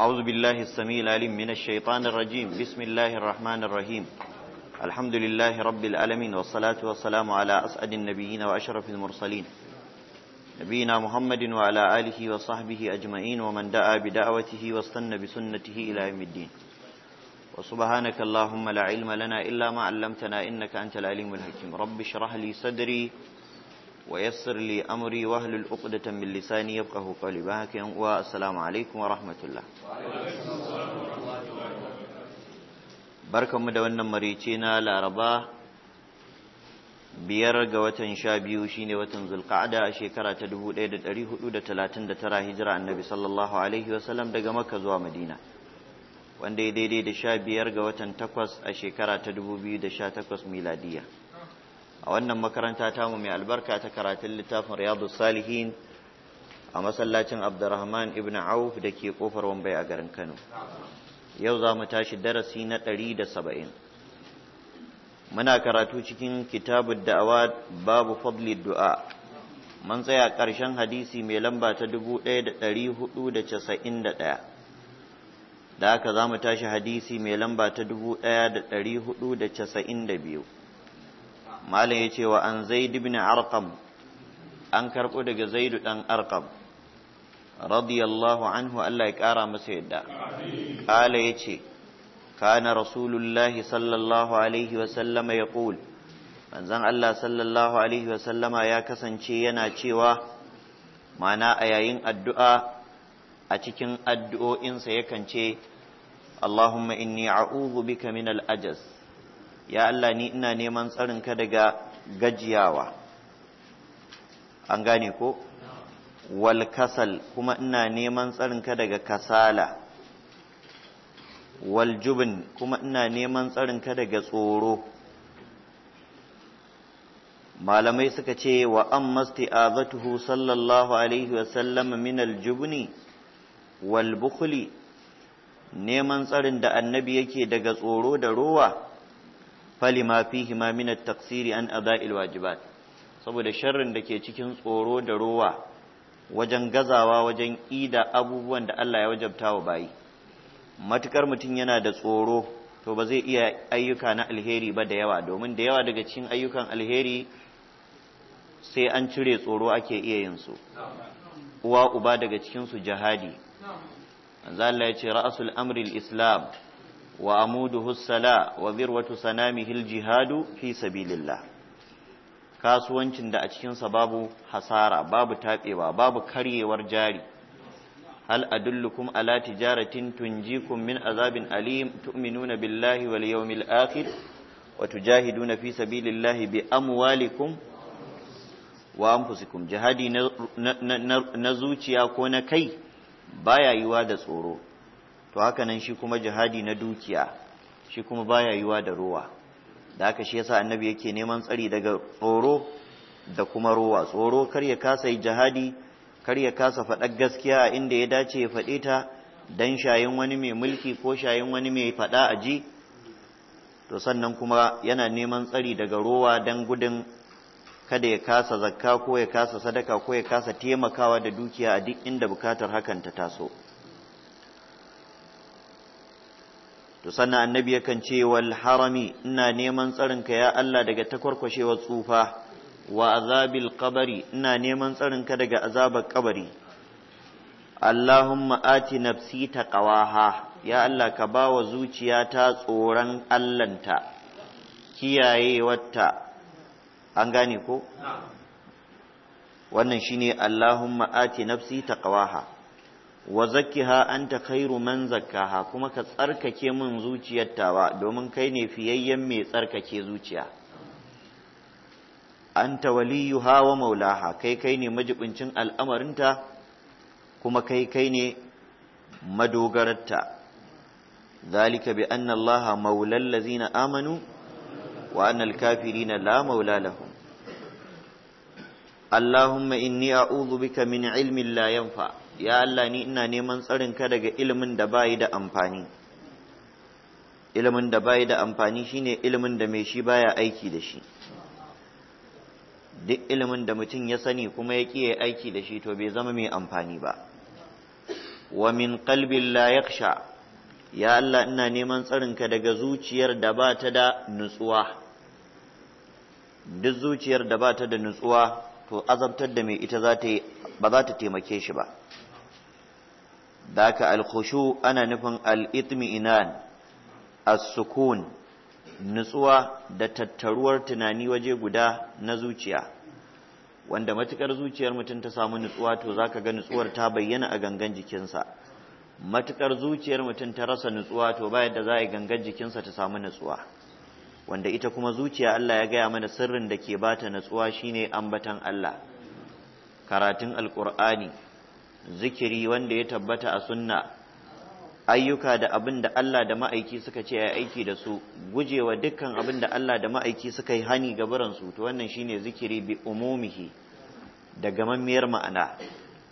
أعوذ بالله السميع العليم من الشيطان الرجيم بسم الله الرحمن الرحيم الحمد لله رب العالمين والصلاة والسلام على أسعد النبيين وأشرف المرسلين نبينا محمد وعلى آله وصحبه أجمعين ومن دعا بدعوته واستنى بسنته إلى يوم الدين وسبحانك اللهم لا علم لنا إلا ما علمتنا إنك أنت العليم الحكيم رب اشرح لي صدري wa li amri wa ahlul uqdatan min lisani yafqahu qawli ba haka yan uwa assalamu alaikum wa barkanmu da wannan marice na laraba biyar ga watan sha biyu shine watan zulqa'da a shekara ta 1439 hijira annabi sallallahu alaihi wasallam daga maka zuwa madina wanda ya daidai da sha biyar ga watan takwas a shekara ta 2018 miladiya a wannan makaranta ta mu mai albarka ta karatun littafin riyadu salihin a masallacin abdurrahman ibn auf da ke kofar wambai a garin kano yau za mu tashi darasi na ɗari da saba'in muna karatu cikin kitabun da'awa babu fadlid du'a man tsaya ƙarshen hadisi mai lamba ta dubu da ɗari haka za mu tashi hadisi mai lamba ta dubu biyu malam ya ce wa an zaid ibn arqam an karɓo daga zaidu ɗan arqam radiyallahu anhu Allah ya ƙara masa yadda ƙala ya ce kana rasulullahi sallallahu alaihi wasallama ya ƙul manzan Allah sallallahu alaihi wasallama ya kasance yana cewa mana a yayin addu'a a cikin addu'o'insa yakan ce Allahumma inni a'udhu bika min al'ajas ya Allah ni ina neman ka daga gajiyawa an gane ko wal kasal kuma ina neman tsarinka daga kasala wal jubn kuma ina neman tsarinka daga tsoro malamai suka ce wa an azatuhu sallallahu alaihi wasallam min aljubni wal bukhli neman tsarin da annabi yake daga tsoro da rowa فلما fihi ma min at-taqsiri an ada'il saboda sharrin da ke cikin tsoro da rowa wajen gazawa wajen ida abubuwan da Allah ya wajabta wa bayi matukar mutum yana da tsoro to ba zai iya ayyuka na alheri ba da yawa domin da yawa daga cikin ayyukan alheri sai an cire tsoro ake iya yin su uwa uba daga cikin su jihadi manzo Allah ya ce ra'sul amril islam وعموده السلاء وذروة سنامه الجهاد في سبيل الله kasuwancin da a cikinsa babu hasara babu taɓewa babu karyewar jari hal adullukum ala tijaratin tunjikum min azabin alim tu'minuna billahi wal yawmil akhir wa tujahiduna fi sabilillahi bi amwalikum wa anfusikum jihadi na zuciya ko na kai baya yiwa da tsoro to haka nan shi kuma jihadi na dukiya shi kuma baya yiwa da ruwa da haka shi yasa annabi yake neman tsari daga tsoro da kuma ruwa tsoro kar ya kasa yi jihadi kar ya kasa faɗa gaskiya a inda ya dace ya faɗe ta dan shayin wani mai mulki ko shayin wani mai faɗa a ji to sannan kuma yana neman tsari daga ruwa dan gudun kada ya kasa zakka ko ya kasa sadaka ko ya kasa taimakawa da dukiya a duk inda bukatar hakan ta taso to sannan annabi yakan ce wal harami ina neman tsarinka ya Allah daga takwarkwashewar tsufa wa azabil qabari ina neman tsarinka daga azabar kabari Allahumma ati nafsi taqawaha ya Allah ka bawa zuciyata tsoron kiyaye kiyayewarta an gane ko wannan shine Allahumma ati nafsi taqawaha wa zakkiha anta khairu man zakkaha kuma ka tsarkake min zuciyar tawa domin kai ne fiyayyen mai tsarkake zuciya anta waliyuha wa maulaha kai kai ne majibincin al'amarinta kuma kai kai ne madogararta ذلك بأن الله مولى الذين آمنوا وأن الكافرين لا مولى لهم اللهم إني أعوذ بك من علم لا ينفع ya Allah ni ina neman tsarin ka daga ilimin da bayi da amfani ilimin da bayi da amfani shine ilimin da mai shi baya aiki da shi duk ilimin da mutum ya sani kuma ya ƙi aiki da shi to bai zama mai amfani ba wa min qalbin la yakhsha ya Allah ina neman tsarinka daga zuciyar da ba ta da nutsuwa duk zuciyar da ba ta da nutsuwa to azabtar da mai ita za ta ba za ta taimake shi ba daka alkhushu ana nufin al as-sukun nutsuwa da tattaruwar tunani waje guda na zuciya wanda matukar zuciyar mutum ta samu nutsuwa to zaka ga nutsuwar ta bayyana a gangan jikinsa matukar zuciyar mutum ta rasa nutsuwa to ba da za a gangan jikinsa ta samu nutsuwa wanda ita kuma zuciya Allah ya gaya mana sirrin da ke bata nutsuwa shine ambatan Allah karatun alqur'ani zikiri wanda ya tabbata a sunna ayyuka da abin da Allah da ma'aiki suka ce ya aiki da su gujewa dukkan abin da Allah da ma'aiki suka yi hani ga baransu to wannan shine zikiri bi umumihi da gamammiyar ma'ana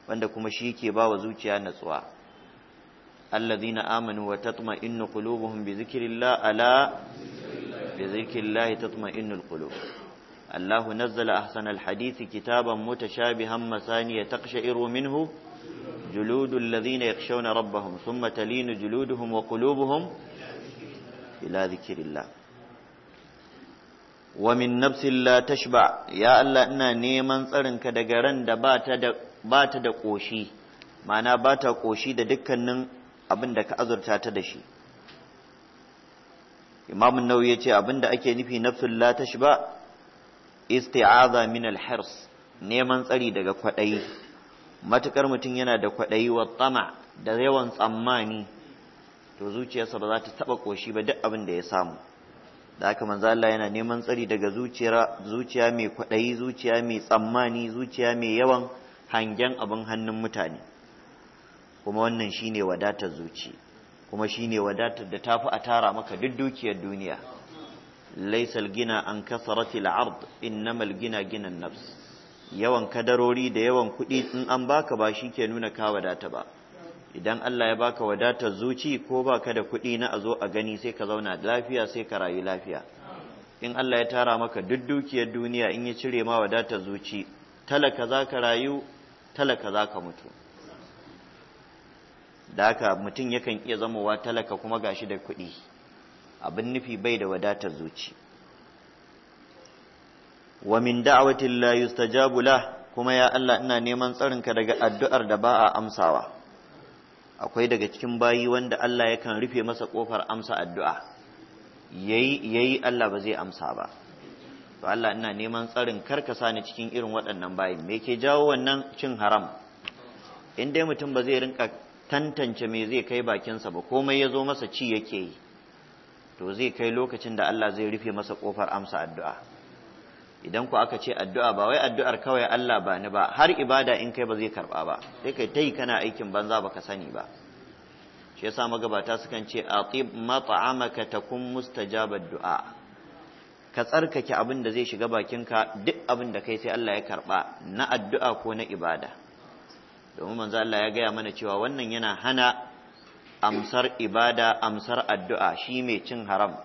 wanda kuma shi ke ba wa zuciya natsuwa allazina amanu wa tatma'innu qulubuhum bi zikrillah ala bi zikrillah tatma'innul qulub الله نزل أحسن الحديث كتابا متشابها مسانية تقشعر منه جلود الذين يخشون ربهم ثم تلين جلودهم وقلوبهم إلى ذكر الله ومن نفس لا تشبع يا الله إنا نيمان تسرنك دقران دا باتا دا قوشي معنى باتا قوشي دا دكا abin da ka azurta ta da shi imam an-nawawi yace abin da ake nufi nafsul la tashba isti'aza min al-hirs neman tsari daga kwadayi matukar mutum yana da kwaɗayi wa tsama da yawan tsammani to zuciyarsa ba za ta taɓa ƙoshi ba duk abin da ya samu da aka manzo Allah yana neman tsari daga zuciya mai kwaɗayi zuciya mai tsammani zuciya mai yawan hangen abin hannun mutane kuma wannan shine wadatar zuci kuma shine wadatar da tafi a tara maka duk dukiyar duniya laisal gina an kasaratil ard innamal gina ginan nafs yawan kadarori da yawan kuɗi in an baka ba shi ke nuna ka wadata ba idan Allah ya baka wadatar zuci ko baka da kuɗi na a zo a gani sai ka zauna lafiya sai ka rayu lafiya in Allah ya tara maka duk dukiyar duniya in ya cire ma wadatar zuci talaka za ka rayu talaka za ka mutu da haka mutum yakan iya zamowa talaka kuma gashi da kuɗi abin nufi bai da wadatar zuci wa min da'watin la yustajabu lah kuma ya Allah ina neman tsarinka daga addu'ar da ba a amsawa akwai daga cikin bayi wanda Allah yakan rufe masa kofar amsa addu'a yayi yayi Allah ba zai amsa ba to Allah ina neman tsarin karka sani cikin irin waɗannan bayin me ke jawo wannan cin haram in dai mutum ba zai rinka tantance me zai kai bakinsa ba komai ya zo masa ci yake yi to zai kai lokacin da Allah zai rufe masa kofar amsa addu'a idan ku aka ce addu'a ba wai addu'ar kawai Allah ba ni ba har ibada in kai ba zai karba ba sai kai tayi kana aikin banza baka sani ba shi yasa magabata sukan ce atib mat'amaka takun mustajabad du'a ka tsarkake abin da zai shiga bakinka duk abin da kai sai Allah ya karba na addu'a ko na ibada domin manzo Allah ya gaya mana cewa wannan yana hana amsar ibada amsar addu'a shi mai cin haram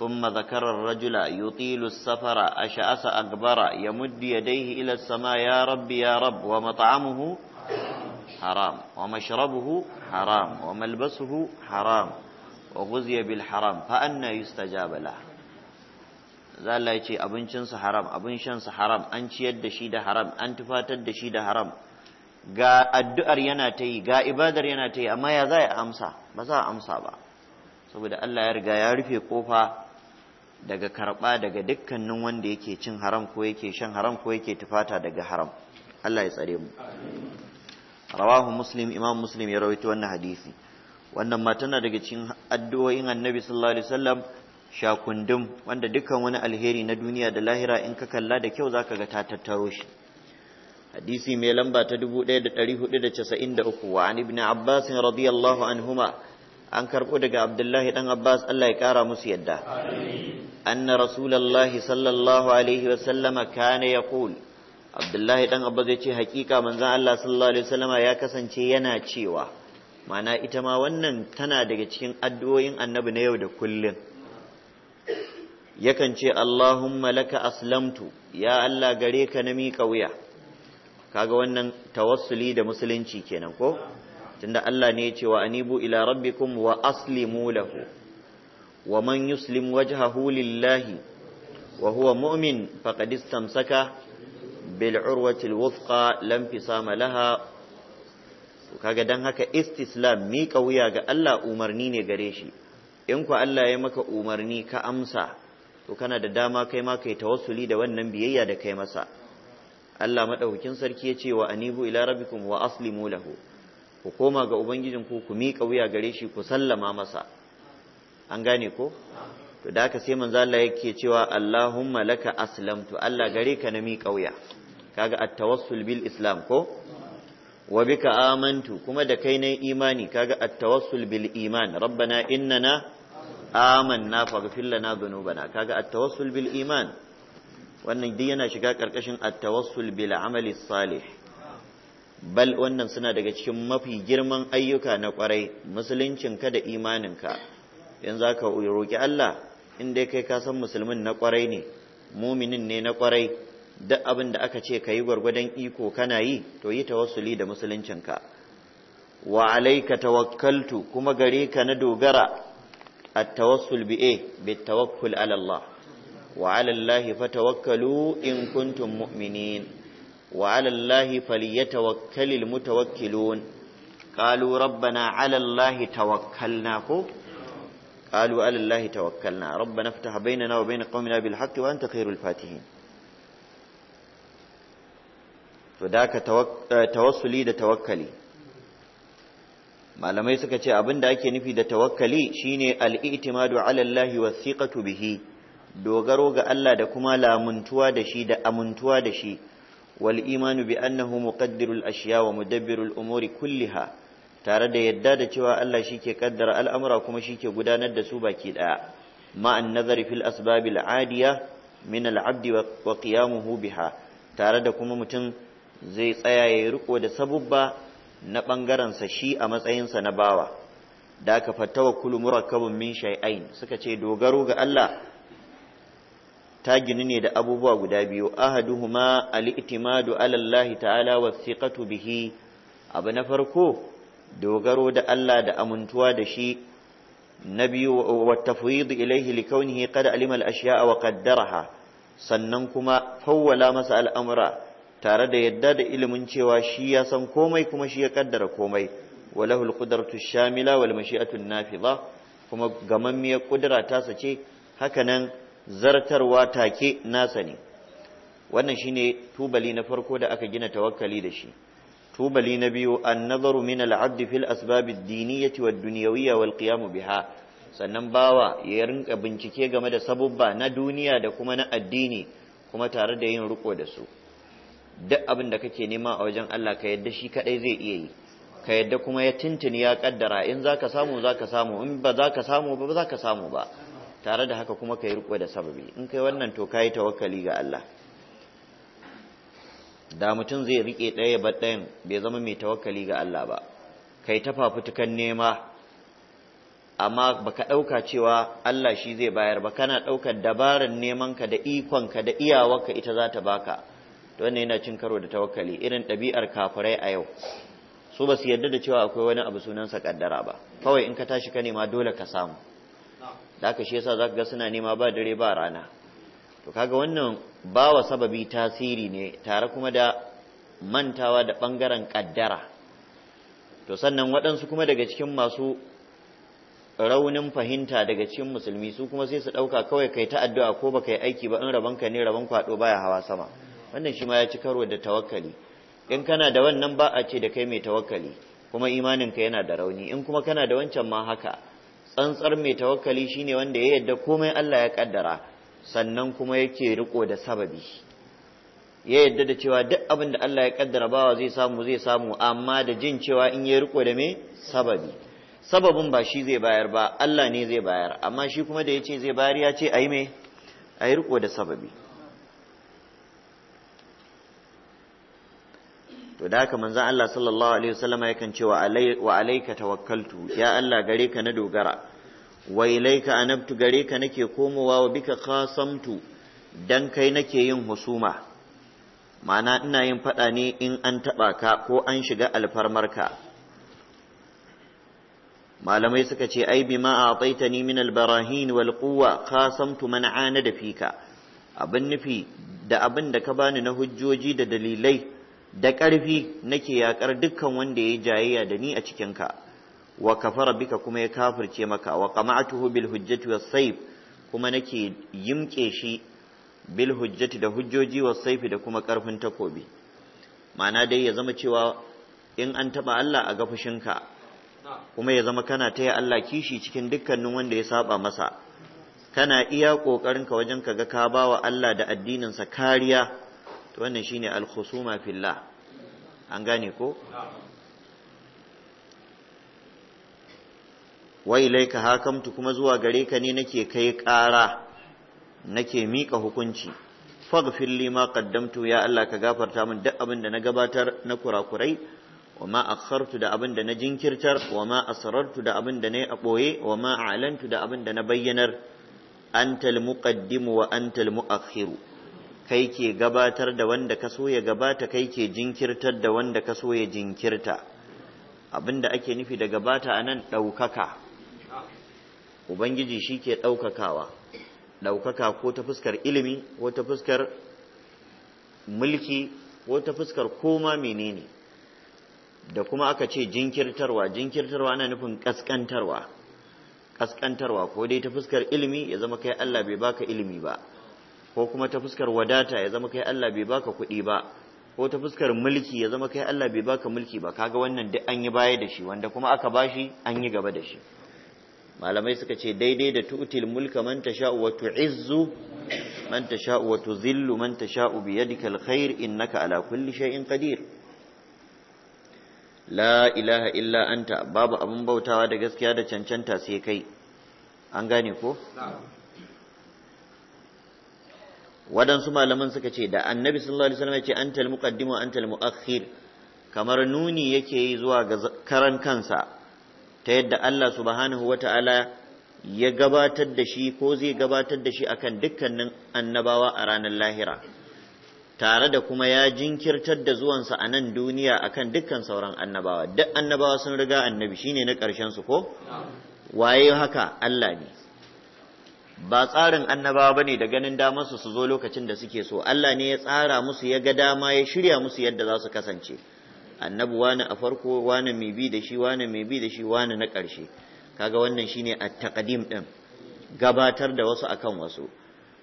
ثم ذكر الرجل يطيل السفر أشأس أكبر يمد يديه إلى السماء يا رب يا رب ومطعمه حرام ومشربه حرام وملبسه حرام وغزي بالحرام فأنا يستجاب له za Allah ya ce abincinsu haram abin shansu haram an ciyar da shi da haram an tufatar da shi da haram ga addu'ar yana ta yi ga ibadar yana ta yi amma ya za a amsa ba za a amsa ba saboda Allah ya riga ya rufe kofa daga karɓa daga dukkanin wanda yake cin haram ko yake shan haram ko yake tufata daga haram Allah ya tsare mu rawahu muslim imam muslim ya rawaito wannan hadisi wannan ma tana daga cikin addu'o'in annabi sallallahu alaihi wasallam shakundum wanda dukkan wani alheri na duniya da lahira in ka kalla da kyau zaka ga ta tattaro shi hadisi mai lamba ta 1493 wa ibn abbas radiyallahu anhuma an karɓo daga abdullahi ɗan abbas allah ya ƙara musu yadda anna Rasulallah sallallahu alaihi wasallama kana ya ƙul abdullahi ɗan abbas ya ce hakika manzan allah sallallahu alaihi wasallama ya kasance yana cewa mana ita ma wannan tana daga cikin addu'o'in annabi na yau da kullum yakan ce allahumma laka aslamtu ya allah gare ka na miƙa wuya kaga wannan tawassuli da musulunci kenan ko tunda Allah ne ya ce wa anibu ila rabbikum wa aslimu lahu wa man yuslim wajhahu lillahi wa huwa mu'min faqad istamsaka bil urwati al wuthqa lam fisama laha kaga dan haka istislam miƙa wuya ga Allah umarni ne gare shi in ku Allah ya maka umarni ka amsa to kana da dama kai ma kai tawassuli da wannan biyayya da kai masa Allah Madaukin sarki ya ce wa anibu ila rabbikum wa aslimu lahu ku koma ga ubangijin ku ku miƙa wuya gare shi ku sallama masa an gane ko to da aka sai manzo Allah yake cewa Allahumma laka aslamtu Allah gare ka na miƙa wuya kaga at-tawassul bil islam ko wa bika amantu kuma da kai ne imani kaga at-tawassul bil iman rabbana innana amanna faghfir lana dhunubana kaga at-tawassul bil iman wannan duk yana shiga karkashin at-tawassul bil amali salih bal wannan suna daga cikin mafi girman ayyuka na kwarai musuluncinka da imaninka in za ka roƙi Allah inda dai kai ka san musulmin na kwarai ne muminin ne na kwarai duk abin da aka ce ka yi gwargwadon iko kana yi to yi tawassuli da musuluncinka wa alaika tawakkaltu kuma gare ka na dogara at tawassul bi eh bi tawakkul ala Allah wa ala Allah fatawakkalu in kuntum mu'minin وعلى الله فليتوكل المتوكلون قالوا ربنا على الله توكلنا قالوا على na توكلنا ربنا na بيننا وبين قومنا بالحق an ta الفاتحين فذاك توصلي da tawakkali malamai suka ce abin da ake nufi da tawakkali shine al-i'timadu ala wa bihi dogaro ga Allah da kuma lamuntuwa da shi da amuntuwa da shi والإيمان بأنه مقدر الأشياء ومدبر الأمور كلها tare da yadda da cewa Allah shi ke kaddara al'amura kuma shi ke gudanar da su baki ɗaya, ma'an nazari fil asbabil adiya min al'abdi wa qiyamuhu biha tare da kuma mutum zai tsaya ya riko da sabuba na ɓangarensa shi a matsayinsa na bawa, da aka fatawa kulu murakkabun min shai'ain suka ce dogaro ga Allah ta ginu ne da abubuwa guda biyu ahaduhuma Ali itimadu ala ta'ala wa bihi abu na farko dogaro da Allah da amintuwa da shi na biyu wa tafwid ilayhi li kaunihi qad alima al wa qaddaraha sannan kuma fawwala masa al'amura tare da yadda da ilimin cewa shi ya san komai kuma shi ya kaddara komai walahu al-qudratu shamila wal mashi'atu an-nafidha kuma gamammiyar kudura ta sace hakanan zartarwa take nasa ne wannan shine tubali na farko da aka gina tawakkali da shi tubali na biyu an-nazaru min al-'abd fil asbab ad-diniyyah wad-dunyawiyya wal-qiyam biha sannan bawa ya rinka bincike game da sabubba na duniya da kuma na addini kuma tare da yin riko da su duk abin da kake nema a wajen Allah ka yadda shi kadai zai iya yi ka yadda kuma ya tintini ya kaddara in zaka samu zaka samu in ba zaka samu ba ba zaka samu ba tare da haka kuma yi riko da sababi in kai wannan to yi tawakali ga Allah da mutum zai rike ɗaya ba ɗayan bai zama mai tawakali ga Allah ba kai ta fafutukan nema amma ba ka ɗauka cewa Allah shi zai bayar ba kana ɗaukar dabarar neman ka da ikon ka da iyawarka ita za ta baka to wannan yana cin karo da tawakali irin ɗabi'ar kafirai a yau su ba su yarda da cewa akwai wani abu sunansa kaddara ba kawai in ka tashi ka nema dole ka samu da aka shi yasa zaka ga suna nema ba dare ba rana to kaga wannan ba wa sababi tasiri ne tare kuma da mantawa da bangaren kaddara to sannan waɗansu kuma daga cikin masu raunin fahimta daga cikin musulmi su kuma sai su ɗauka kawai kai ta addu'a ko baka yi aiki ba in raban ka ne rabon kwaɗo baya hawa sama wannan shi ma ya ci karo da tawakkali in kana da wannan ba a ce da kai mai tawakkali kuma imaninka yana da rauni in kuma kana da wancan ma haka tsantsar mai tawakkali shine wanda ya yadda komai Allah ya kaddara sannan kuma yake riko da sababi ya yadda da cewa duk abin da Allah ya kaddara bawa zai samu zai samu amma da jin cewa in ya riko da me sababi sababin ba shi zai bayar ba Allah ne zai bayar amma shi kuma da yace zai bayar ya ce ayi me ayi riko da sababi to da haka manzon Allah sallallahu alaihi wasallama yakan ce wa alayka tawakkaltu ya Allah gare ka na dogara wa ilaika anabtu gare ka nake komowa wa bika qasamtu dan kai nake yin husuma mana ina yin fada ne in an taba ka ko an shiga alfarmarka malamai suka ce ai bima a'taitani min albarahin wal quwwa qasamtu man anada fika abin nufi da abin da ka bani na hujjoji da dalilai da ƙarfi nake yakar dukkan wanda ya jayayya da ni a cikin ka wa kafara bika kuma ya kafirce maka wa qama'tuhu bil hujjati was sayf kuma nake yimke shi bil hujjati da hujjoji was sayfi da kuma karfin takobi mana dai ya zama cewa in an taba Allah a ka, kuma ya zama kana taya Allah kishi cikin dukkanin wanda ya saba masa kana iya kokarin ka wajen kaga ka bawa Allah da addinin sa kariya to wannan shine al-khusuma fillah an gane ko wai laika hakamtu kuma zuwa gare ka ne nake kai ƙara nake miƙa hukunci faghfir li ma qaddamtu ya Allah ka gafarta min duk abin da na gabatar na kurakurai wa ma akhartu da abin da na jinkirtar wa ma asrartu da abin da na yi a ɓoye wa ma a'lantu da abin da na bayyanar antal muqaddimu wa antal muakhiru kai ke gabatar da wanda ka so ya gabata kai ke jinkirtar da wanda ka so ya jinkirta Abinda ake nufi da gabata anan ɗaukaka ubangiji shi ke ɗaukakawa ɗaukaka ko ta fuskar ilimi ko ta fuskar mulki ko ta fuskar koma menene da kuma aka ce jinkirtarwa jinkirtarwa ana nufin ƙasƙantarwa ƙasƙantarwa ko dai ta fuskar ilimi ya zama kai Allah bai baka ilimi ba ko kuma ta fuskar wadata ya zama kai Allah bai baka kuɗi ba ko ta fuskar mulki ya zama kai Allah bai baka mulki ba kaga wannan duk an yi baya da shi wanda kuma aka bashi an yi gaba da shi malamai suka ce daidai da tu'til mulka man tasha'u wa tu'izzu man tasha'u wa tuzillu man tasha'u bi yadika alkhair innaka ala kulli shay'in qadir la ilaha illa anta babu abin bautawa da gaskiya da cancanta sai kai an gane ko waɗansu malaman suka ce da annabi sallallahu alaihi wasallam ya ce antal muqaddimu antal muakhir kamar nuni yake yi zuwa ga karan kansa ta yadda Allah subhanahu wa ta'ala ya gabatar da shi ko zai gabatar da shi akan dukkanin annabawa a ranar lahira tare da kuma ya jinkirtar da zuwansa a nan duniya akan dukkan sauran annabawa duk annabawa sun riga annabi shi ne na ƙarshen su ko waye haka Allah ne ba tsarin annabawa ba ne da ganin damar su su zo lokacin da suke so Allah ne ya tsara musu ya ga dama ya shirya musu yadda za su kasance annabi wani a farko wani mai bi da shi wani mai bi da shi wani na ƙarshe kaga wannan shine at-taqdim din gabatar da wasu akan wasu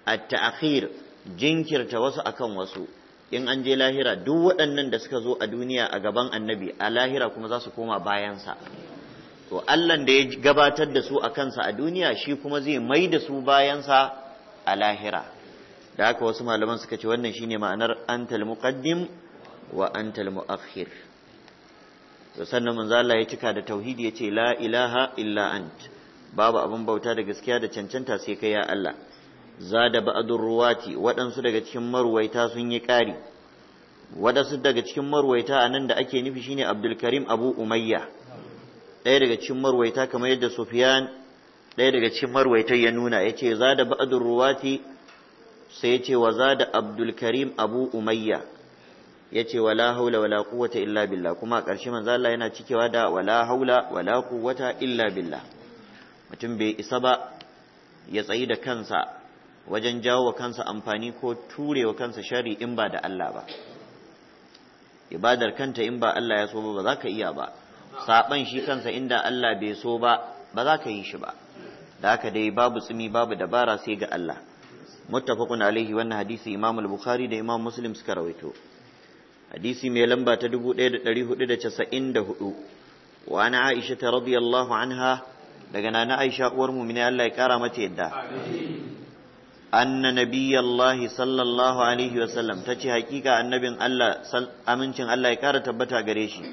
at-ta'khir jinkirta wasu akan wasu in an je lahira duk waɗannan da suka zo a duniya a gaban annabi a lahira kuma za su koma bayansa to Allah da ya gabatar da su a kansa a duniya shi kuma zai mai da su bayansa a lahira da haka wasu malaman suka ce wannan shine ma'anar antal muqaddim wa antal muakhir to sannan manzo Allah ya cika da tauhidi ya ce la ilaha illa ant babu abin bauta da gaskiya da cancanta sai kai ya Allah zada ba'dur ruwati waɗansu daga cikin marwaita sun yi ƙari waɗansu daga cikin marwaita anan da ake nufi shine Abdul Karim Abu Umayya ɗaya daga cikin marwaita kamar yadda Sufyan ɗaya daga cikin marwaita ya nuna yace zada ba'dur ruwati sai yace wa zada Abdul Karim Abu Umayya Ya ce, wala haula wala quwwata illa billah kuma a ƙarshe manzo Allah yana cikewa da wala haula wala quwwata illa billah mutum bai isa ba ya tsayi da kansa wajen jawo wa kansa amfani ko ture wa kansa shari in ba da Allah ba ibadar kanta in ba Allah ya so ba ba za ka iya ba saban shi kansa inda Allah bai so ba ba za ka yi shi ba da haka dai babu tsimi babu dabara sai ga Allah muttafaqun alaihi wannan hadisi Imam al-Bukhari da Imam Muslim suka rawaito hadisi mai lamba ta 1494 wa ana aisha ta radiyallahu anha daga nana aisha uwar mu'mini Allah ya kara mata yadda anna nabiyallahi sallallahu alaihi wasallam tace hakika annabin amincin Allah ya kara tabbata gare shi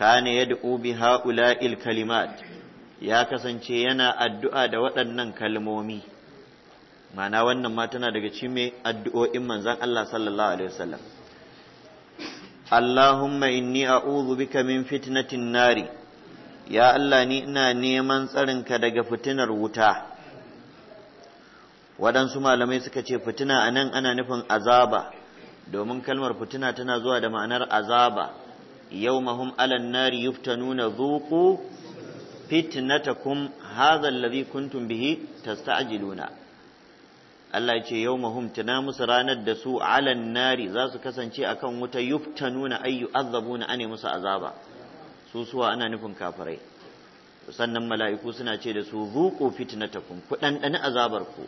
kana yad'u bi ha'ula'il kalimat ya kasance yana addu'a da waɗannan kalmomi ma'ana wannan ma tana daga cikin addu'o'in manzon Allah sallallahu اللهم إني أعوذ بك من Nari. Ya Allah ni ina neman tsarinka daga فتنة wuta. waɗansu malamai suka ce fitina anan ana nufin azaba domin kalmar fitina tana zuwa da ma'anar azaba yau mahum alan nari ta yuftanuna zuku fitnatakum hadha alladhi kuntum bihi tasta'jiluna Allah ya ce yawmahum tuna musu ranar da su alan nari za su kasance akan wuta ayyu ay na ane musu azaba su suwa ana nufin kafirai sannan mala'iku suna ce da su zuqu fitnatakum ku dandana azabar ku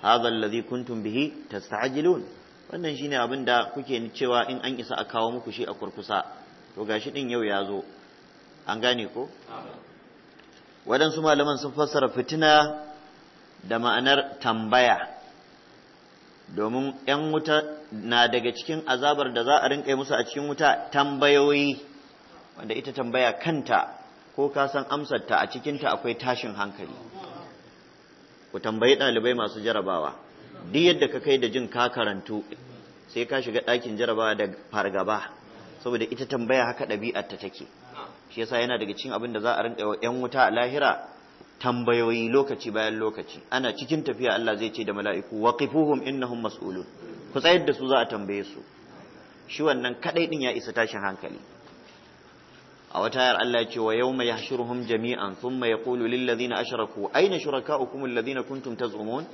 hadha alladhi kuntum bihi tasta'jilun wannan shine abin da kuke cewa in an isa a kawo muku shi a kurkusa to gashi din yau ya zo an gane ko waɗansu malaman sun fassara fitina da ma'anar tambaya domin ‘yan wuta na daga cikin azabar da za a rinƙa musu a cikin wuta tambayoyi wanda ita tambaya kanta ko ka san amsarta a cikinta akwai tashin hankali ku tambayi ɗalibai masu jarabawa duk yadda ka kai da jin ka karantu sai ka shiga ɗakin jarabawa da fargaba saboda ita tambaya haka ɗabi'arta take shi yasa yana daga cikin abin da za a rinƙa ‘yan wuta a lahira tambayoyi lokaci bayan lokaci ana cikin tafiya Allah zai ce da mala'iku waqifuhum innahum mas'ulun ku tsayar da su za a tambaye su shi wannan kadai din ya isa tashin hankali a wata yar Allah ya ce wa yawma yahshuruhum jami'an thumma yaqulu lil ladina ashraku aina shurakaukum alladhina kuntum tazumun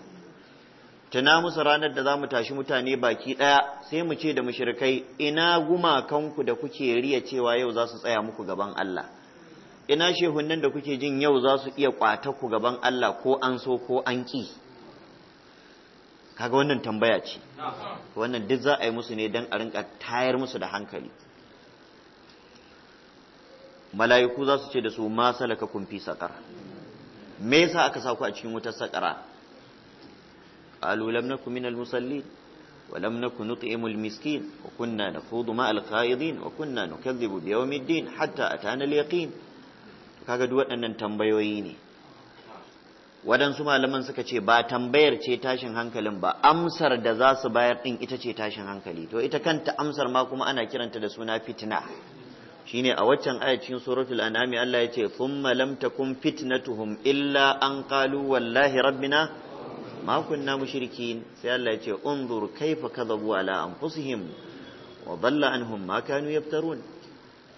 tana musu ranar da zamu tashi mutane baki daya sai mu ce da mushrikai ina gumakan ku da kuke riya cewa yau za su tsaya muku gaban Allah ina shehunan da kuke jin yau za su iya kwata ku gaban Allah ko an so ko an ƙi kaga wannan tambaya ce wannan duk za a yi musu ne don a rinka tayar musu da hankali mala'iku za su ce da su ma salaka kun fi saƙar me yasa aka sa ku a cikin wutar saƙara qalu lam nakum min al musallin wa lam nakum nut'imu al miskin wa kunna nakhudu ma al wa kunna nukadhibu bi yawm hatta a al yaqin kaga duk waɗannan tambayoyi ne waɗansu malaman suka ce ba tambayar ce tashin hankalin ba amsar da za su bayar ɗin ita ce tashin hankali to ita kanta amsar ma kuma ana kiranta da suna fitina shine a waccan aya cikin suratul anami Allah ya ce thumma lam takun fitnatuhum illa an qalu wallahi rabbina ma kunna mushrikin sai Allah ya ce unzur kaifa kadhabu ala anfusihim wa dhalla anhum ma kanu yaftarun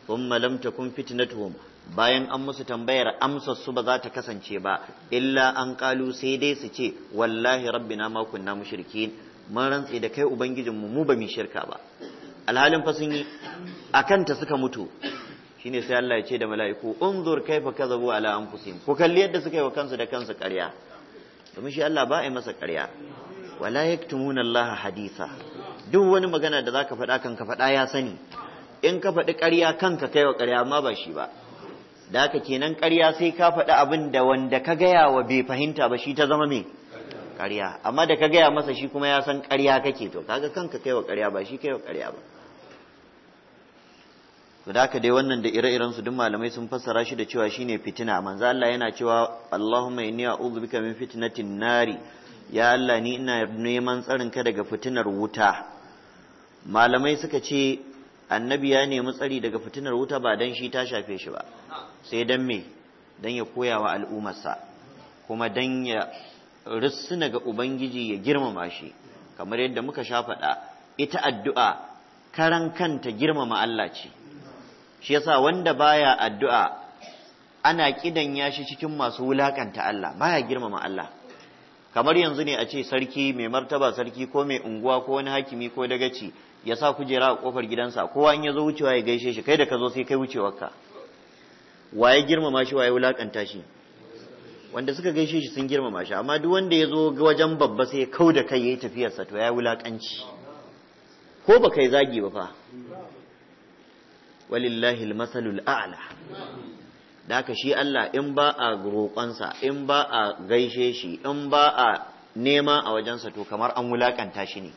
thumma lam takun fitnatuhum bayan an musu tambayar amsar su ba za ta kasance ba illa an kalu sai dai su ce wallahi rabbina ma kunna mushrikin mun rantsi da kai ubangijin mu ba mu shirka ba alhalin fa sun yi akan ta suka mutu shine sai Allah ya ce da mala'iku unzur kaifa kadhabu ala anfusihim ku kalli yadda suka yi wa kansu da kansu ƙarya domin shi Allah ba a yi masa karya. wala yaktumuna Allah haditha duk wani magana da zaka faɗa kan ka faɗa ya sani in ka faɗi ƙarya kanka kai wa karya amma ba shi ba da haka kenan ƙarya sai ka faɗi abin da wanda ka gaya wa bai fahimta ba shi ta zama me ƙarya amma da ka gaya masa shi kuma ya san ƙarya kake to kaga kanka kai wa ƙarya ba shi kai wa ƙarya ba to da haka dai wannan da ire-iren su duk malamai sun fassara shi da cewa shi ne fitina manzo Allah yana cewa Allahumma inni a'udhu bika min fitnatin nari ya Allah ni ina neman tsarin ka daga fitinar wuta malamai suka ce annabi ya nemi tsari daga fitinar wuta ba dan shi ta shafe shi ba sai dan me dan ya koya wa al'ummarsa kuma dan ya rissuna ga ubangiji ya girmama shi kamar yadda muka sha faɗa ita addu'a karan kanta girmama Allah ce shi yasa wanda baya addu'a ana kidan ya shi cikin masu wulakanta Allah baya girmama Allah kamar yanzu ne a ce sarki mai martaba sarki ko mai unguwa ko wani hakimi ko dagaci ya sa kujera a kofar gidansa kowa in ya zo wucewa ya gaishe shi kai da ka zo sai kai wucewarka waye girmama shi waye wulakanta shi wanda suka gaishe shi sun girmama shi amma duk wanda ya zo wajen babba sai ya kau da kai ya yi tafiyarsa to ya wulakanci ko ba kai zagi ba fa walillahi almasalul a'la da haka shi Allah in ba a roƙonsa in ba a gaishe shi in ba a nema a wajensa to kamar an wulakanta shi ne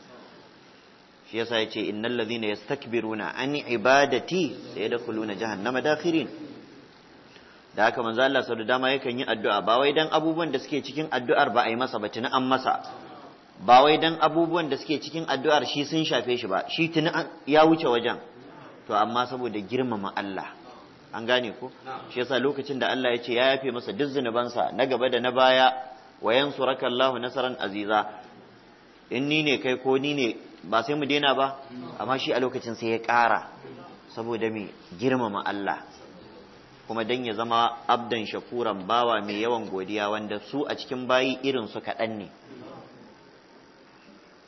shi yasa ce innal ladhina yastakbiruna an ibadati sayadkhuluna jahannama dakhirin da haka manzo Allah sau da dama yakan yi addu'a ba wai dan abubuwan da suke cikin addu'ar ba a yi masa ba tuni an masa ba wai dan abubuwan da suke cikin addu'ar shi sun shafe shi ba shi tuni ya wuce wajen to amma saboda girmama Allah an gane ko shi yasa lokacin da Allah ya ce ya yafe masa duk zunubansa na gaba da na baya wa yansuraka Allahu nasaran aziza in ni ne kai ko ni ne ba sai mu daina ba amma shi a lokacin sai ya ƙara saboda mai girmama Allah kuma don ya zama abdan shakuran bawa mai yawan godiya wanda su a cikin bayi irin su kaɗan ne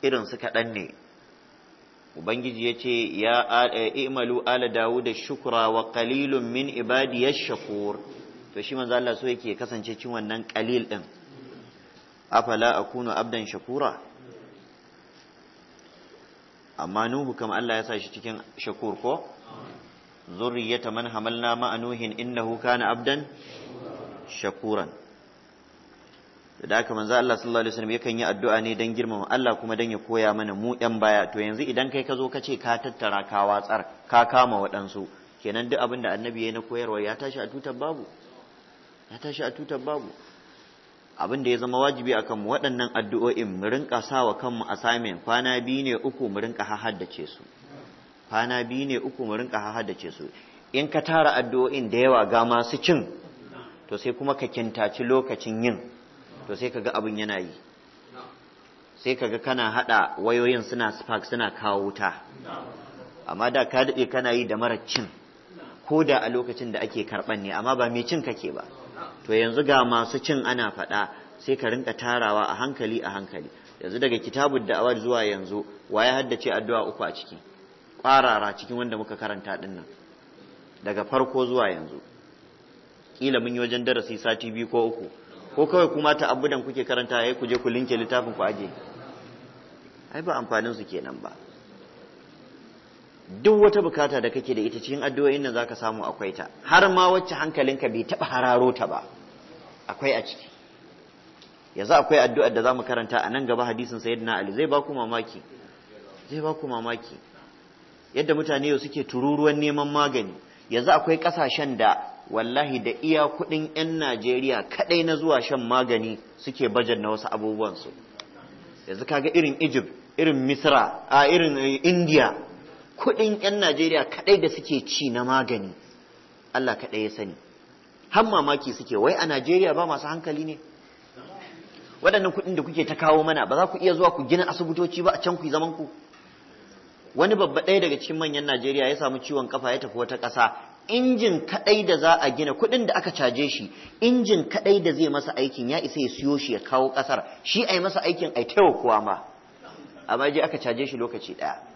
irin su kaɗan ne ubangiji ya ce ya e, imalu ala dawuda shukura wa kalilun min ibadiyar shakur to shi manzo Allah so yake kasance cikin wannan kalil din afala akunu abdan shakura amma nuhu kama Allah ya sa shi cikin shakur ko zurriyata man hamalna ma nuhin innahu kana abdan shakuran da haka manzo Allah sallallahu alaihi wasallam yakan yi addu'a ne dan girmama Allah kuma dan ya koya mana mu yan baya to yanzu idan kai ka zo ka ce ka tattara ka watsar ka kama waɗansu kenan duk abin da annabi ya na koyarwa ya tashi a tutar babu ya tashi a tutar babu abin da ya zama wajibi akan mu waɗannan addu'o'in mu sa sawa kanmu assignment kwana biyu ne uku mu rinka su kwana biyu ne uku su in ka tara addu'o'in da yawa ga masu cin to sai kuma ka kintaci lokacin yin to sai ka ga abin yana yi sai kaga kana haɗa wayoyin suna spark suna kawo wuta amma da ka daɗe kana yi da mara cin ko da a lokacin da ake karɓan ne amma ba mai cin kake ba to yanzu ga masu cin ana faɗa sai ka rinka tarawa a hankali a hankali yanzu daga kitabud da'awar zuwa yanzu wa ya haddace addu'a uku a ciki ƙwarara cikin wanda muka karanta din nan daga farko zuwa yanzu kila mun yi wajen darasi sati biyu ko uku ko kawai kuma ta abudan kuke karanta yayi ku je ku linke littafin ku aje ai ba amfanin su kenan ba duk wata bukata da kake da ita cikin addu'o'in nan zaka samu akwai ta har ma wacce hankalinka bai taba hararo ta ba akwai a ciki yanzu akwai addu'ar da zamu karanta a nan gaba hadisin sayyidina ali zai ba ku mamaki zai ba ku mamaki yadda mutane yau suke tururuwan neman magani yanzu akwai kasashen da wallahi da iya kudin 'yan Najeriya kadai na zuwa shan magani suke bajar na wasu abubuwan su. yanzu kaga irin Egypt irin Misra a irin eh, Indiya. kuɗin 'yan Najeriya kaɗai da suke ci na magani Allah kaɗai ya sani har mamaki suke wai a Najeriya ba masu hankali ne waɗannan kuɗin da kuke ta kawo mana ba za ku iya zuwa ku gina asibitoci ba a can ku zaman ku wani babba ɗaya daga cikin manyan Najeriya ya samu ciwon kafa ya tafi wata ƙasa injin kaɗai da za a gina kuɗin da aka caje shi injin kaɗai da zai masa aikin ya isa ya siyo shi ya kawo ƙasar shi a yi masa aikin a yi kuwa ma amma je aka caje shi lokaci ɗaya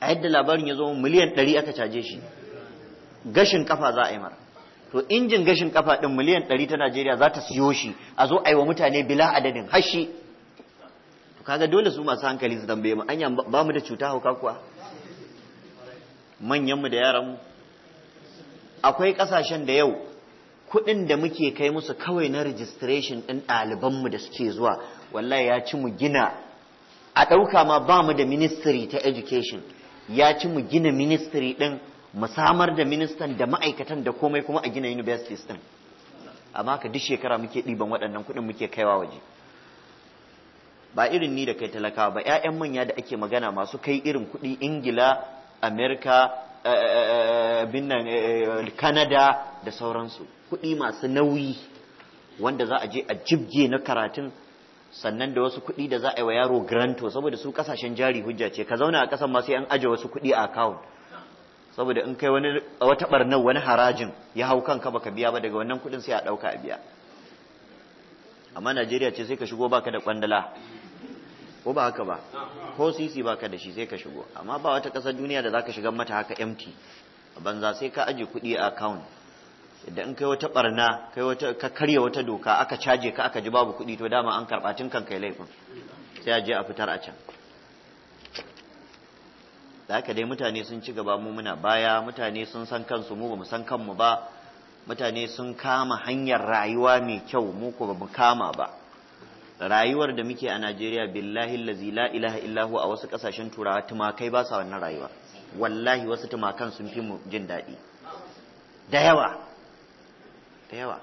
a yadda labarin ya zo miliyan ɗari aka caje shi gashin kafa za a yi mara to injin gashin kafa ɗin miliyan ɗari ta najeriya za ta siyo shi a zo a yi wa mutane bila adadin hashi to kaga dole su masu hankali su tambaye mu anya ba mu da cuta hauka kuwa manyanmu da yaranmu akwai ƙasashen da yau kuɗin da muke kai musu kawai na registration ɗin ɗalibanmu da suke zuwa wallahi ya ci mu gina a ɗauka ma ba mu da ministry ta education ya ci mu gina ministry din mu samar da ministan da ma'aikatan da komai kuma a gina university din amma ka duk shekara muke ɗiban waɗannan kuɗin muke kaiwa waje ba irin ni da kai talakawa ba 'ya'yan manya da ake magana masu kai irin kuɗi ingila amerika eh, eh, eh, binnan kanada da sauransu kuɗi masu nauyi wanda za a je a jibge na karatun sannan da wasu kuɗi da za a yi wa yaro granto saboda su kasashen jari hujja ce ka zauna a kasan masu yan ajiye aje wasu kuɗi a account saboda in kai wani wata barnar wani harajin ya hau kanka baka biya ba daga wannan kuɗin sai a ɗauka a biya amma Najeriya ce sai ka shigo baka da kwandala ko ba haka ba ko sisi baka da shi sai ka shigo amma ba wata ƙasar duniya da za ka shigan mata haka empty banza sai ka aje kuɗi a account da in kai wata barna kai wata ka karya wata doka aka caje ka aka ji babu kuɗi to dama an karɓa tun kan kai laifin sai a a fitar a can da haka dai mutane sun ci gaba mu muna baya mutane sun san kansu mu bamu san kanmu ba mutane sun kama hanyar rayuwa mai kyau mu ko bamu kama ba rayuwar da muke a Najeriya billahi allazi la ilaha illa a wasu kasashen turawa tumakai ba sa wannan rayuwa wallahi wasu tumakan sun fi mu jin daɗi da yawa da yawa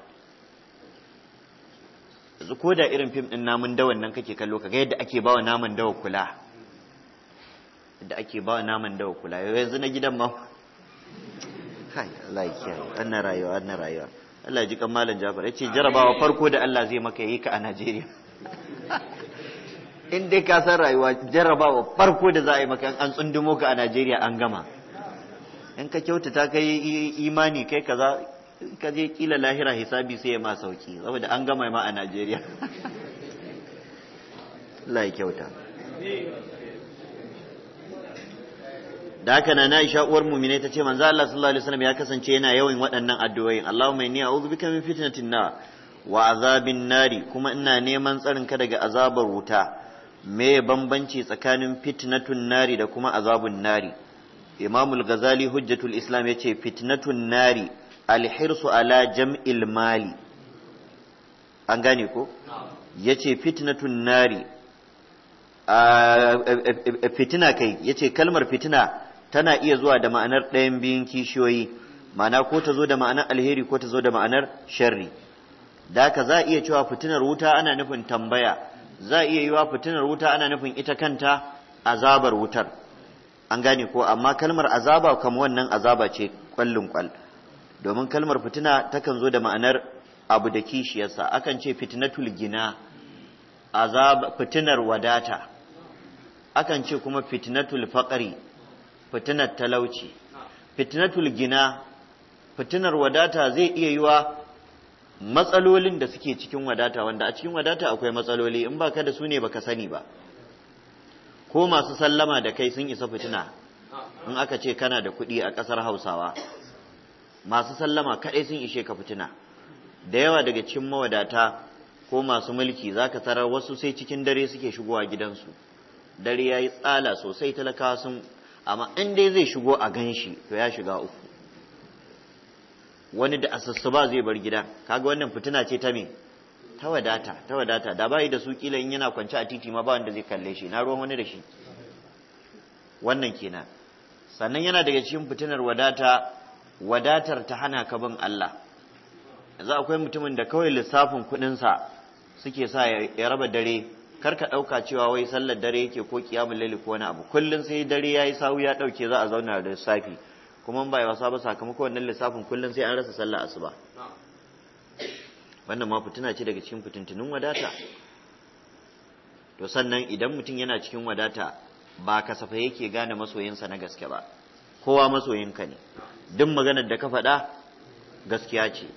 yanzu ko da irin fim din namun dawan nan kake kallo kaga yadda ake bawa naman dawa kula yadda ake bawa naman dawa kula yanzu na gidan ma kai Allah ya kiyaye annar rayuwa annar rayuwa Allah ya ji kan malam Jafar yace jarabawa farko da Allah zai maka yi ka a Najeriya in dai ka san rayuwa jarabawa farko da za a yi maka an tsundumo ka a Najeriya an gama in ka kyautata kai imani kai kaza ka je kila lahira hisabi sai ya ma sauki saboda an gama ma a Najeriya Allah ya kyauta da haka na na isha uwar mumine ta ce manzo Allah sallallahu alaihi wasallam ya kasance yana yawan waɗannan addu'o'in Allahumma inni a'udhu bika min fitnatin nar wa azabin nari kuma ina neman tsarin ka daga azabar wuta me bambanci tsakanin fitnatun nari da kuma azabun nari Imamul Ghazali hujjatul Islam yace fitnatun nari alhirsu ala jam'il mali an gane ko yace fitnatun nari fitina kai yace kalmar fitina tana iya zuwa da ma'anar ɗayan biyun kishiyoyi ma'ana ko ta zo da ma'anar alheri ko ta zo da ma'anar sharri da ka za iya cewa fitinar wuta ana nufin tambaya za iya yiwa fitinar wuta ana nufin ita kanta azabar wutar an gane ko amma kalmar azaba kam wannan azaba ce kwallin kwallin domin kalmar fitina takan zo da ma'anar abu da kishiyarsa akan ce fitinatul gina azab fitinar wadata akan ce kuma fitinatul faqri fitinar talauci fitinatul gina fitinar wadata zai iya yiwa matsalolin da suke cikin wadata wanda a cikin wadata akwai matsaloli in baka da su ne baka sani ba ko masu sallama da kai sun isa fitina in aka ce kana da kuɗi a ƙasar hausawa masu sallama kaɗai sun ishe ka fitina da yawa daga cikin mawadata ko masu mulki za ka tarar wasu sai cikin dare suke shigowa gidansu dare ya yi tsala sosai talakawa sun amma in dai zai shigo a gan shi to ya shiga uku wani da ba zai bar gida kaga wannan fitina ce ta me ta wadata ta wadata da da su kila in yana kwance a titi ma ba wanda zai kalle shi na ruwan wani da shi wannan kenan sannan yana daga cikin fitinar wadata wadatar ta hana ka bin Allah yanzu akwai mutumin da kawai lissafin kuɗinsa suke sa ya raba dare kar ka ɗauka cewa wai sallar dare yake ko kiyamun laili ko wani abu kullum sai dare ya yi sawu ya ɗauke za a zauna da lissafi kuma ba wasa ba sakamakon wannan lissafin kullum sai an rasa sallar asuba wannan ma fituna ce daga cikin fitintunin wadata to sannan idan mutum yana cikin wadata ba kasafa yake gane masoyinsa na gaske ba kowa masoyinka ne duk maganar da ka faɗa gaskiya ce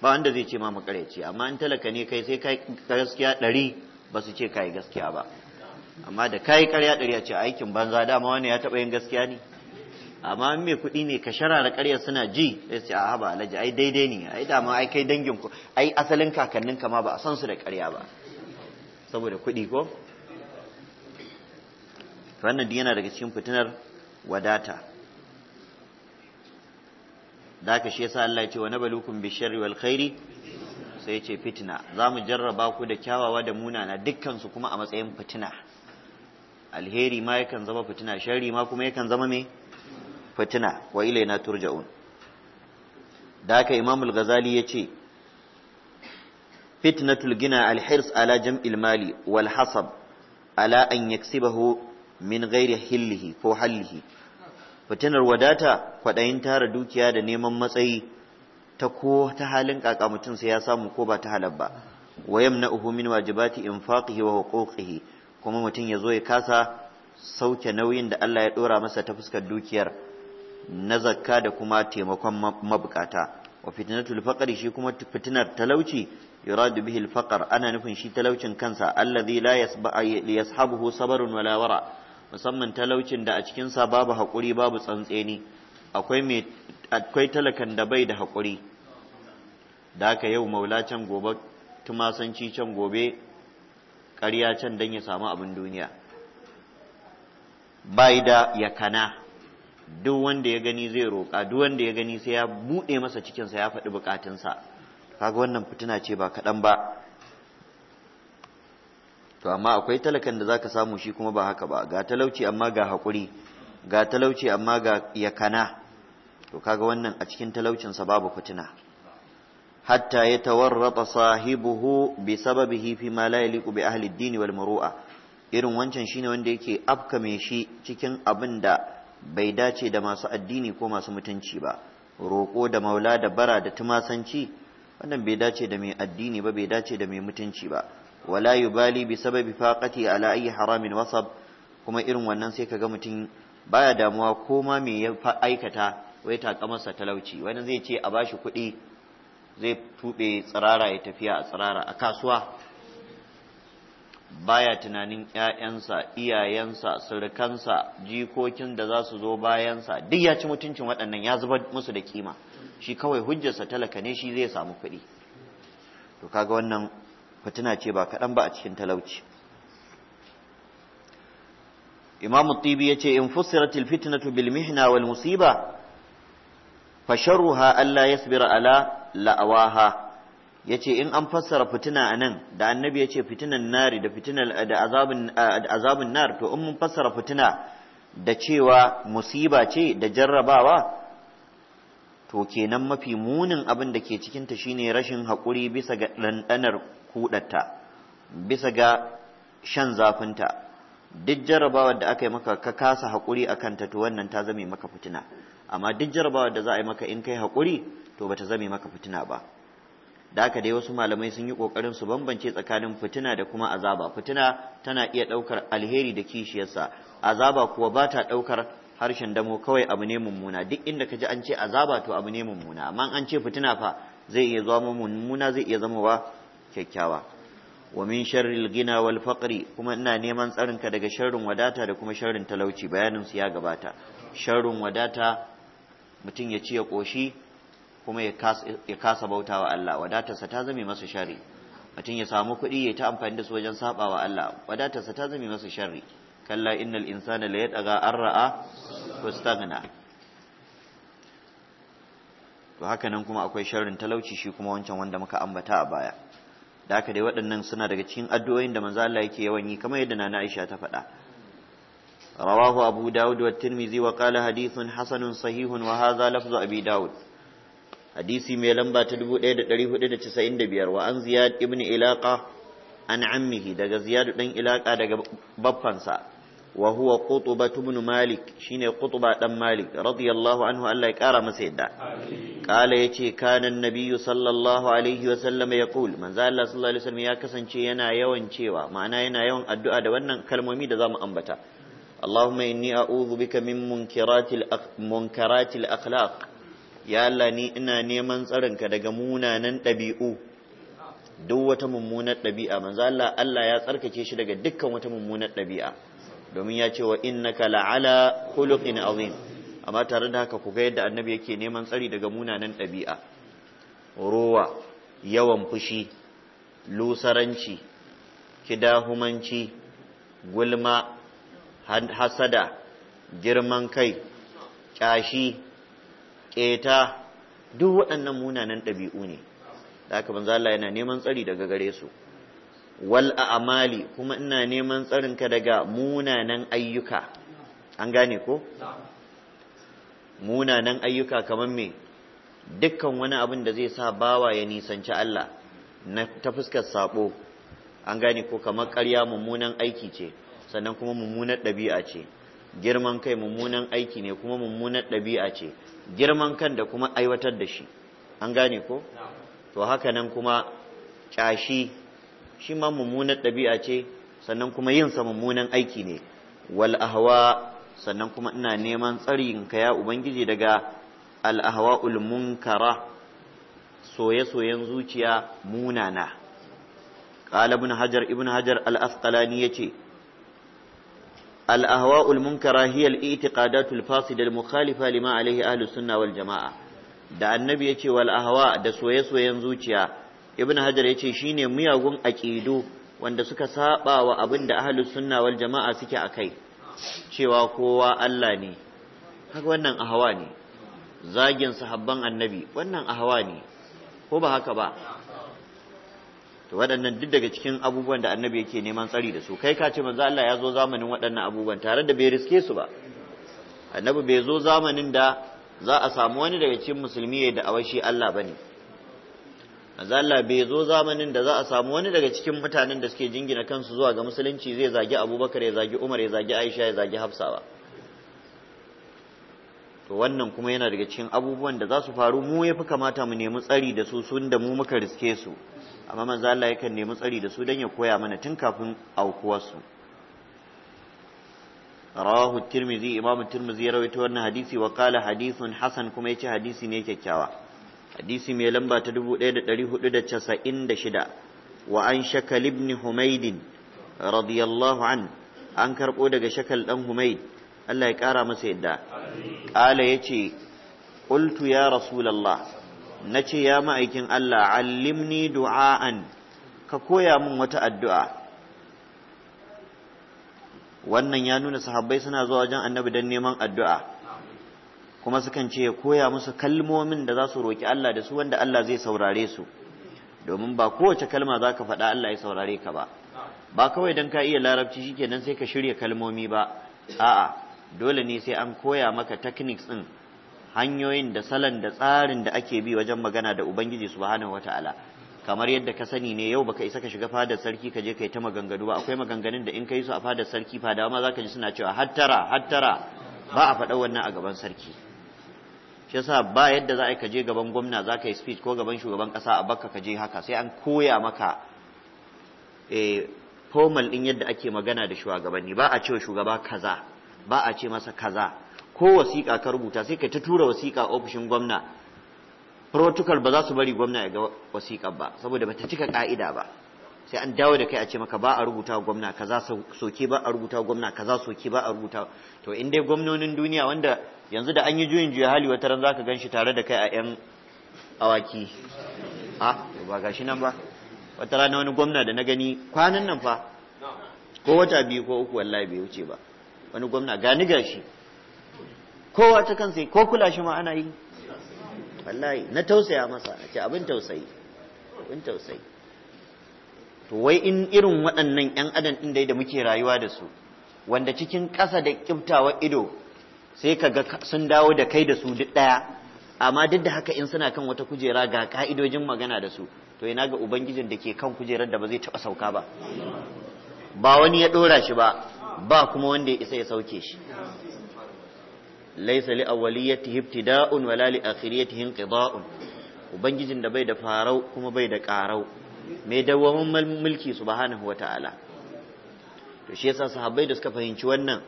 ba wanda zai ce ma makareci amma in talaka ne kai sai kai gaskiya ɗari ba su ce kai gaskiya ba amma da kai ƙarya ɗari a ce aikin banza dama wani ya taɓa yin gaskiya ne amma in mai kuɗi ne ka sharara ƙarya suna ji sai su a ba alaji ai daidai ne ai dama ai kai dangin ku ai asalin kakannin ka ma ba a san su da ƙarya ba saboda kuɗi ko wannan yana daga cikin fitinar wadata da haka shi yasa Allah ya ce wa nabluukum bisharri wal khairi sai ya ce fitna za mu jarraba ku da kyawawa da munana dukkansu kuma a matsayin fitina alheri ma yakan zama fitina sharri ma kuma yakan zama me fitina wa ilaina turja'un da haka Imam al-Ghazali ya ce fitnatul gina al-hirs ala jam'il mali wal hasab ala an yaksibahu min ghairi hillihi ko hallihi fitinar wadata kwaɗayin tara dukiya da neman matsayi ta ko ta halin kaka mutum sai ya samu ko ba ta halar ba na uhu min wajibati infaqihi wa huquqihi kuma mutum ya zo ya kasa sauke nauyin da Allah ya dora masa ta fuskar dukiyar na zakka da kuma taimakon mabukata wa fitnatul faqri shi kuma fitinar talauci yuradu bihi al ana nufin shi talaucin kansa alladhi la yashabuhu sabrun wala wara' musamman talaucin da a cikinsa babu hakuri babu tsantseni akwai akwai talakan da bai da hakuri. da haka yau maula can gobe tumasanci can gobe ƙarya can don ya samu abin duniya bai da yakana duk wanda ya gani zai roƙa duk wanda ya gani sai ya buɗe masa cikinsa ya faɗi buƙatunsa kaga wannan fitina ce ba kaɗan ba to amma akwai talakan da zaka samu shi kuma ba haka ba ga talauci amma ga hakuri ga talauci amma ga yakana to kaga wannan a cikin talaucin sa babu fitina hatta ya tawarrata sahibuhu bi sababihi fi ma la yaliqu bi ahli ad-din wal muru'a irin wancan shine wanda yake afkame shi cikin abin da bai dace da masu addini ko masu mutunci ba roƙo da maula da bara da tumasanci wannan bai dace da mai addini ba bai dace da mai mutunci ba wala yubali bi sababi fakati ala ayi haramin wasab kuma irin wannan sai kaga mutum baya damuwa ko ma me ya aikata wai takamarsa talauci wani zai ce a bashi kuɗi zai tuɓe tsirara ya tafiya a tsirara a kasuwa baya tunanin ‘ya'yansa, iyayensa, surukansa, jikokin da za su zo bayansa, duk ya ci mutuncin waɗannan ya zuba musu da kima, shi kawai hujjarsa talaka ne shi zai samu kuɗi. To kaga wannan fitina ce ba kaɗan ba a cikin talauci imamu tibi ya ce in fusiratul fitnatu bil mihna wal musiba fa sharruha alla yasbira ala la'awaha yace in an fassara fitina nan da annabi yace fitinan nari da fitinan da azabin nar to in mun fassara fitina da cewa musiba ce da jarrabawa to kenan mafi munin abin da ke cikinta shine rashin hakuri bisa ga ɗanɗanar kudatta bisa ga shan zafinta duk jarabawar da aka yi maka ka kasa haƙuri a kanta to wannan ta zame maka fitina amma duk jarabawar da za a yi maka in kai haƙuri to bata zame maka fitina ba da haka dai wasu malamai sun yi ƙoƙarin su bambance tsakanin fitina da kuma azaba fitina tana iya ɗaukar alheri da kishiyarsa azaba kuwa ba ta ɗaukar harshen damo kawai abu ne mummuna duk inda ka ji an ce azaba to abu ne mummuna amma an ce fitina fa zai iya zama mummuna zai iya zama wa kyakkyawa wa min sharril gina wal faqri kuma ina neman tsarinka daga sharrin wadata da kuma sharrin talauci bayanin su ya gabata sharrin wadata mutum ya ci ya koshi kuma ya kasa bautawa Allah wadatarsa ta zame masa sharri mutum ya samu kuɗi ya ta amfani da su wajen sabawa Allah wadatarsa ta zame masa sharri kalla innal insana la yadaga arra'a wastaghna to haka nan kuma akwai sharrin talauci shi kuma wancan wanda muka ambata a baya da aka dai waɗannan suna daga cikin addu'o'in da manzo Allah yake yawan yi kamar yadda nana Aisha ta faɗa rawahu abu dawud wa tirmizi wa qala hadithun hasanun sahihun wa hadha lafzu abi dawud hadisi mai lamba ta 1495 wa an ziyad ibn ilaqa an ammihi daga ziyad ɗan ilaqa daga baffansa Wahuwa huwa qutba malik shine qutba dan malik radiyallahu anhu Allah ya kara masa yadda kala yace kana annabiyyu sallallahu alaihi wa sallam yaqul manzo Allah sallallahu alaihi ya kasance yana yawan cewa ma'ana yana yawan addu'a da wannan kalmomi da zamu ambata اللهم إني أعوذ بك من منكرات منكرات الأخلاق يا الله ني إنا نيمان daga munanan ɗabi'u duk wata mummunar ɗabi'a manzo Allah Allah ya tsarkake shi daga dukkan wata mummunar ɗabi'a domin ya ce wa innaka la'ala khuluqin azim amma tare da haka ku ga yadda annabi yake neman tsari daga munanan ɗabi'a Ruwa, yawan fushi lusaranci kidahumanci gulma hasada girman kai ƙyashi ƙeta duk waɗannan munanan ɗabi'u ne da haka banza Allah yana neman tsari daga gare su wal a'mali kuma ina neman tsarin ka daga munanan ayyuka an gane ko munanan ayyuka kamar me dukkan wani abin da zai sa bawa ya nisanci Allah na ta fuskar sabo an gane ko kamar ƙarya mummunan aiki ce sannan kuma mummunar ɗabi'a ce girman kai mummunan aiki ne kuma mummunar ɗabi'a ce girman kan da kuma aiwatar da shi an gane ko to haka nan kuma ƙyashi shi ma mummunar ɗabi'a ce sannan kuma yinsa mummunan aiki ne wal ahwa sannan kuma ina neman tsarin ka ya ubangiji daga al ahwaul munkara soye-soyen zuciya munana qala ibn hajar ibn hajar al asqalani yace al ahwaul munkara hiya al i'tiqadatu al fasida al mukhalifa lima alayhi ahlus sunna wal jamaa da annabi yace wal ahwa da soye-soyen zuciya ibn hajar ya ce shi shine miyagun aƙidu wanda suka saba wa abin da ahlus sunna wal jama'a suke a kai cewa kowa Allah ne haka wannan hawa ne zagin sahabban annabi wannan hawa ne ko ba haka ba to waɗannan duk daga cikin abubuwan da annabi yake neman tsari da su kai ka ce manzo Allah ya zo zamanin waɗannan abubuwan tare da bai riske su ba annabi bai zo zamanin da za a samu wani daga cikin musulmi ya da awashi Allah bane manzo bai zo zamanin da za a samu wani daga cikin mutanen da suke jingina kansu zuwa ga musulunci zai zagi Abubakar ya zagi Umar ya zagi Aisha ya zagi Hafsa ba to wannan kuma yana daga cikin abubuwan da za su faru mu yafi kamata mu nemi tsari da su sun da mu muka riske su amma manzo Allah yakan nemi tsari da su dan ya koya mana tun kafin aukuwar su rawahu tirmidhi imamu tirmizi ya rawaito wannan hadisi wa qala hadithun hasan kuma yace hadisi ne kyakkyawa hadisi mai lamba ta 1496 wa an shakal ibn humaid radiyallahu an an karbo daga shakal dan humaid Allah ya kara masa yadda qala yace qultu ya rasulullah nace ya ma'aikin Allah allimni du'aan ka koya min wata addu'a wannan ya nuna sahabbai suna zuwa wajen annabi don neman addu'a kuma sukan ce ya koya musu kalmomin da za su roƙi Allah da su wanda Allah zai saurare su domin ba kowace kalma za ka faɗa Allah ya saurare ka ba ba kawai don ka iya larabci kenan sai ka shirya kalmomi ba a'a dole ne sai an koya maka techniques ɗin hanyoyin da salon da tsarin da ake bi wajen magana da Ubangiji subhanahu wata'ala kamar yadda ka sani ne yau baka isa ka shiga fadar sarki ka je kai ta maganganu ba akwai maganganun da in ka yi su a fadar sarki fadawa ma za ka ji suna cewa hattara hattara ba a faɗa wannan a gaban sarki shi yasa ba yadda za a ka je gaban gwamna za ka yi speech ko gaban shugaban kasa a baka ka je haka sai an koya maka eh formal din yadda ake magana da shugabanni ba a ce shugaba kaza ba a ce masa kaza ko wasiƙa ka rubuta sai ka ta tura wasiƙa ofishin gwamna protocol ba za su bari gwamna ya ga wasiƙar ba saboda ba ta cika ka'ida ba sai an dawo da kai a ce maka ba a rubuta gwamna kaza soke ba a rubuta gwamna kaza soke ba a rubuta to in dai gwamnonin duniya wanda yanzu da an yi juyin juya hali wata ran ka ganshi tare da kai a yan awaki ah ba ga shi nan ba wata rana wani gwamna da na gani kwanan nan fa ko wata biyu ko uku wallahi bai wuce ba wani gwamna gani gashi kowa ta kansa ko kula shi ma ana yi wallahi na tausaya masa a ce abin tausayi abin tausayi to wai in irin waɗannan 'yan adam ɗin da muke rayuwa da su wanda cikin ƙasa da ƙiftawa ido sai ka ga sun dawo da kai da su duk ɗaya amma duk da haka in suna kan wata kujera ga ka'idojin magana da su to ina ga ubangijin da ke kan kujerar da ba zai taɓa sauka ba ba wani ya ɗora shi ba ba kuma wanda ya isa ya sauke shi laisa li walali ibtida'un wala li akhiriyati inqida'un ubangijin da bai da farau kuma bai da karau mai dawwamin mulki subhanahu wata'ala to shi yasa sahabbai da suka fahimci wannan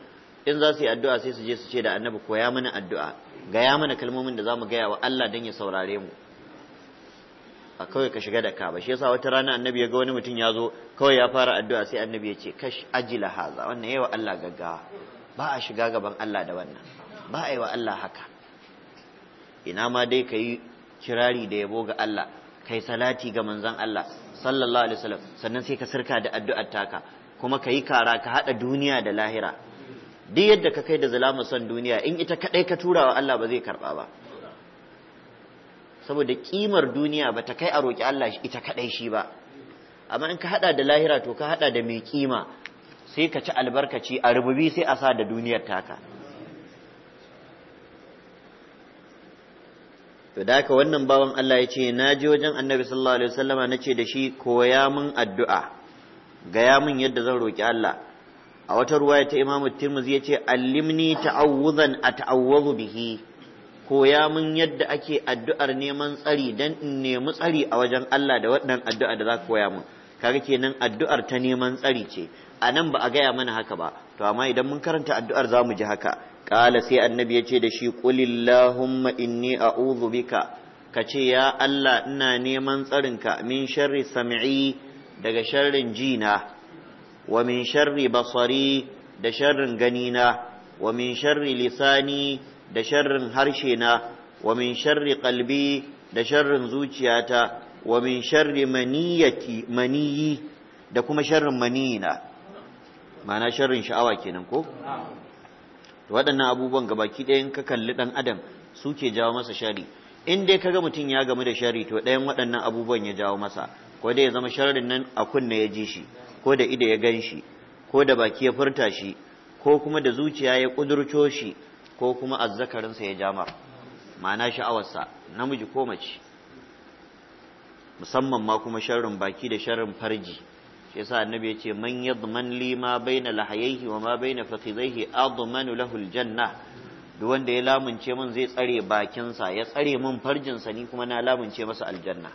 in za su yi addu'a sai su je su ce da annabi koya mana addu'a gaya mana kalmomin da za mu gaya wa Allah don ya saurare mu a kawai ka shiga da ka ba shi yasa wata rana annabi ya ga wani mutum ya zo kawai ya fara addu'a sai annabi ya ce kash ajila haza wannan yawa Allah gaggawa ba a shiga gaban Allah da wannan ba a yi wa Allah haka ina ma dai ka yi kirari da yabo ga Allah kai salati ga manzon Allah sallallahu alaihi wasallam sannan sai ka sirka da addu'ar taka kuma ka yi kara ka haɗa duniya da lahira duk yadda ka kai da zalama son duniya in ita kadai ka tura wa Allah ba zai karba ba saboda kimar duniya ba ta kai a roƙi Allah ita kadai shi ba amma in ka hada da lahira to ka hada da mai kima sai ka ci albarkaci a rububi sai a sa da duniyar taka to da haka wannan bawan Allah ya ce na ji wajen annabi sallallahu alaihi wasallama na ce da shi koya min addu'a gaya min yadda zan roki Allah a wata ruwaya ta imamu tirmizi yace allimni ta'awuzan a ta'awwazu bihi koya mun yadda ake addu'ar neman tsari dan in nemi tsari a wajen Allah da waɗannan addu'a da za ka koya mun kaga kenan addu'ar ta neman tsari ce a nan ba a gaya mana haka ba to amma idan mun karanta addu'ar za mu ji haka ƙala sai annabi ya ce da shi qulillahumma inni a'udhu bika ka ce ya Allah ina neman tsarinka min sharri sam'i daga sharrin jina wa min sharri basari da sharrin ganina wa min sharri lisani da sharrin harshena wa min sharri qalbi da sharrin zuciyata wa min sharri maniyati maniyi da kuma sharrin maniyina ma'ana sharrin sha'awa kenan ko To waɗannan abubuwan ga baki ɗayan ka kalli ɗan adam suke jawo masa shari in dai kaga mutum ya gamu da shari to ɗayan waɗannan abubuwan ya jawo masa ko da ya zama sharrin nan a kunne ya ji shi ko da ido ya gan shi ko da baki ya furta shi ko kuma da zuciya ya kudurco shi ko kuma azzakarinsa ya jama, ma'ana sha'awarsa namiji ko mace musamman ma kuma sharrin baki da sharrin farji shi yasa annabi ya ce man yadman li ma baina lahayhi wa ma baina fakhidaihi admanu lahu aljanna duk wanda ya lamunce min zai tsare bakinsa ya tsare min farjinsa ni kuma na lamunce masa aljanna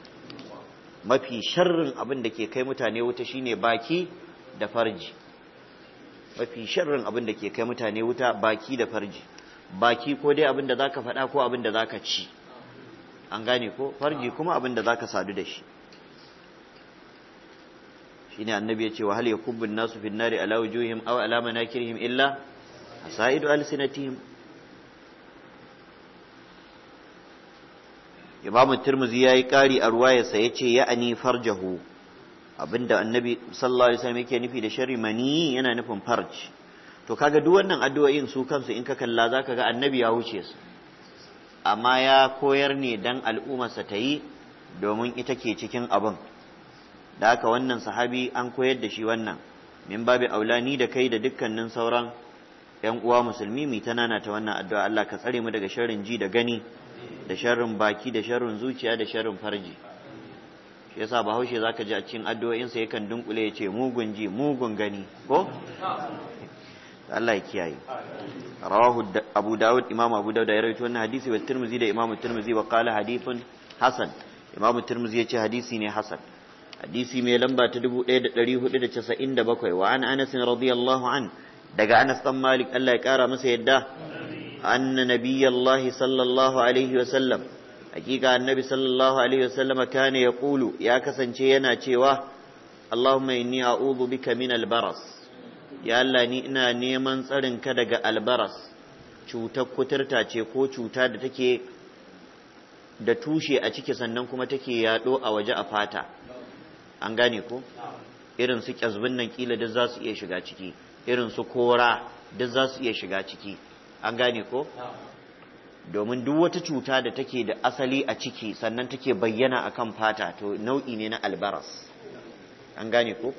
mafi sharrin abin da ke kai mutane wuta shine baki da farji mafi sharrin abin da ke kai mutane wuta baki da farji baki ko dai abin da zaka faɗa ko abin da zaka ci an gane ko farji kuma abin da zaka sadu da shi shine annabi ya ce wa hal kubbin nasu fin nari ala wujuhim aw ala manakirihim illa asaidu alsinatihim imamu turmuzi ya yi ƙari a ruwayarsa ya ce ya'ani farjahu abinda annabi sallallahu alaihi wasallam yake nufi da sharri mani yana nufin farj to kaga duk wannan addu'o'in su kansu in ka kalla zaka ga annabi ya wuce su amma ya koyar ne dan al'ummarsa ta yi domin ita ke cikin abin da haka wannan sahabi an koyar da shi wannan min babi aulani da kai da dukkanin sauran 'yan uwa musulmi mai ta nana ta wannan addu'a Allah ka tsare mu daga sharrin ji da gani da sharrin baki da sharrin zuciya da sharrin farji shi yasa bahaushe zaka ji a cikin addu'o'in addu'o'insa yakan dunkule ya ce mugun ji mugun gani ko Allah ya kiyaye rawahu Abu Dawud Imam Abu Dawud ya rawaito wannan hadisi wa Tirmidhi da Imam Tirmidhi wa qala hadithun hasan Imam Tirmidhi yace hadisi ne hasan hadisi mai lamba ta 1497 wa an Anas radiyallahu an daga Anas dan Malik Allah ya kara masa yadda أن نبي الله صلى الله عليه وسلم حقيقة النبي صلى الله عليه وسلم كان يقول يا كسن شينا شيوه اللهم إني أعوذ بك من البرص يا الله نئنا نيمن سرن كدق البرص cutar kuturta ce ko cuta da take da tushe a ciki sannan kuma take yaɗo a waje a fata an gane ko irin su kyazbin nan kila duk za su iya shiga ciki irin su kora duk za su iya shiga ciki an gane ko domin duk wata cuta da take da asali a ciki sannan take bayyana akan fata to nau'i ne na albaras an gane ko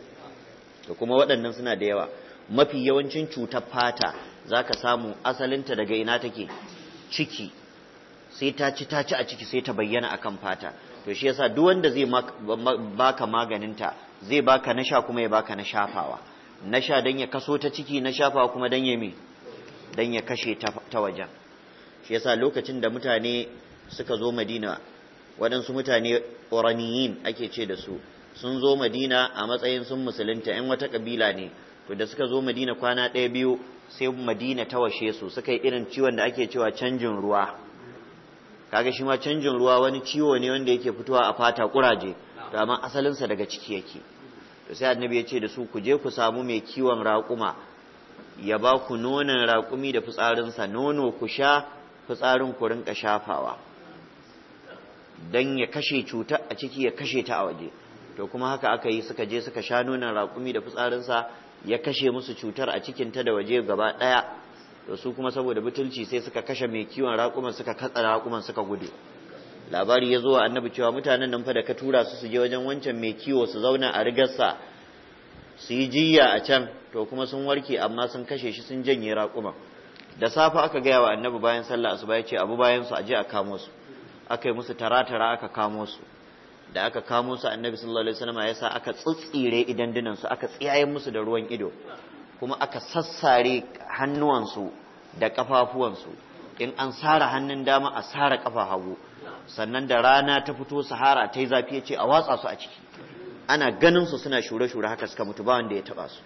to kuma waɗannan suna da yawa mafi yawancin cutar fata za ka samu asalinta daga ina take ciki sai ta ci ta ci a ciki sai ta bayyana akan fata to shi yasa duk wanda zai baka maganinta zai baka nasha kuma ya baka na shafawa na sha ya kaso ta ciki na shafawa kuma don ya mi. dan ya kashe ta wajen shi yasa lokacin da mutane suka zo madina waɗansu mutane ƙoraniyin ake ce da su sun zo madina a matsayin sun musulunta 'yan wata ƙabila ne to da suka zo madina kwana ɗaya biyu sai madina ta washe su suka yi irin ciwon da ake cewa canjin ruwa kaga shi ma canjin ruwa wani ciwo ne wanda yake fitowa a fata kuraje to amma asalinsa daga ciki yake to sai annabi ya ce da su ku je ku samu mai kiwon raƙuma ya ba ku nonon raƙumi da fitsarinsa nono ku sha fitsarin ku rinka shafawa don ya kashe cuta a ciki ya kashe ta a waje to kuma haka aka yi suka je suka sha nonon raƙumi da fitsarinsa ya kashe musu cutar a cikin ta da waje gaba ɗaya to su kuma saboda butulci sai suka kashe mai kiwon raƙuman suka katsa raƙuman suka gudu labari ya zo wa annabi cewa mutanen nan fa da ka tura su su je wajen wancan mai kiwo su zauna a rigarsa su yi jiya a can to kuma sun warke amma sun kashe shi sun janye raƙuma da safe aka gaya wa annabi bayan sallah asuba ya ce abu bayan su aje a kamo su aka yi musu tara aka kamo su da aka kamo su annabi sallallahu alaihi wasallam ya sa aka tsitsire idan dinan su aka tsiyaye musu da ruwan ido kuma aka sassare hannuwansu da su in an sara hannun dama a sara kafa hagu sannan da rana ta fito sahara ta yi zafi ya ce a watsa su a ciki ana ganin su suna shure-shure haka suka mutu ba wanda ya taba su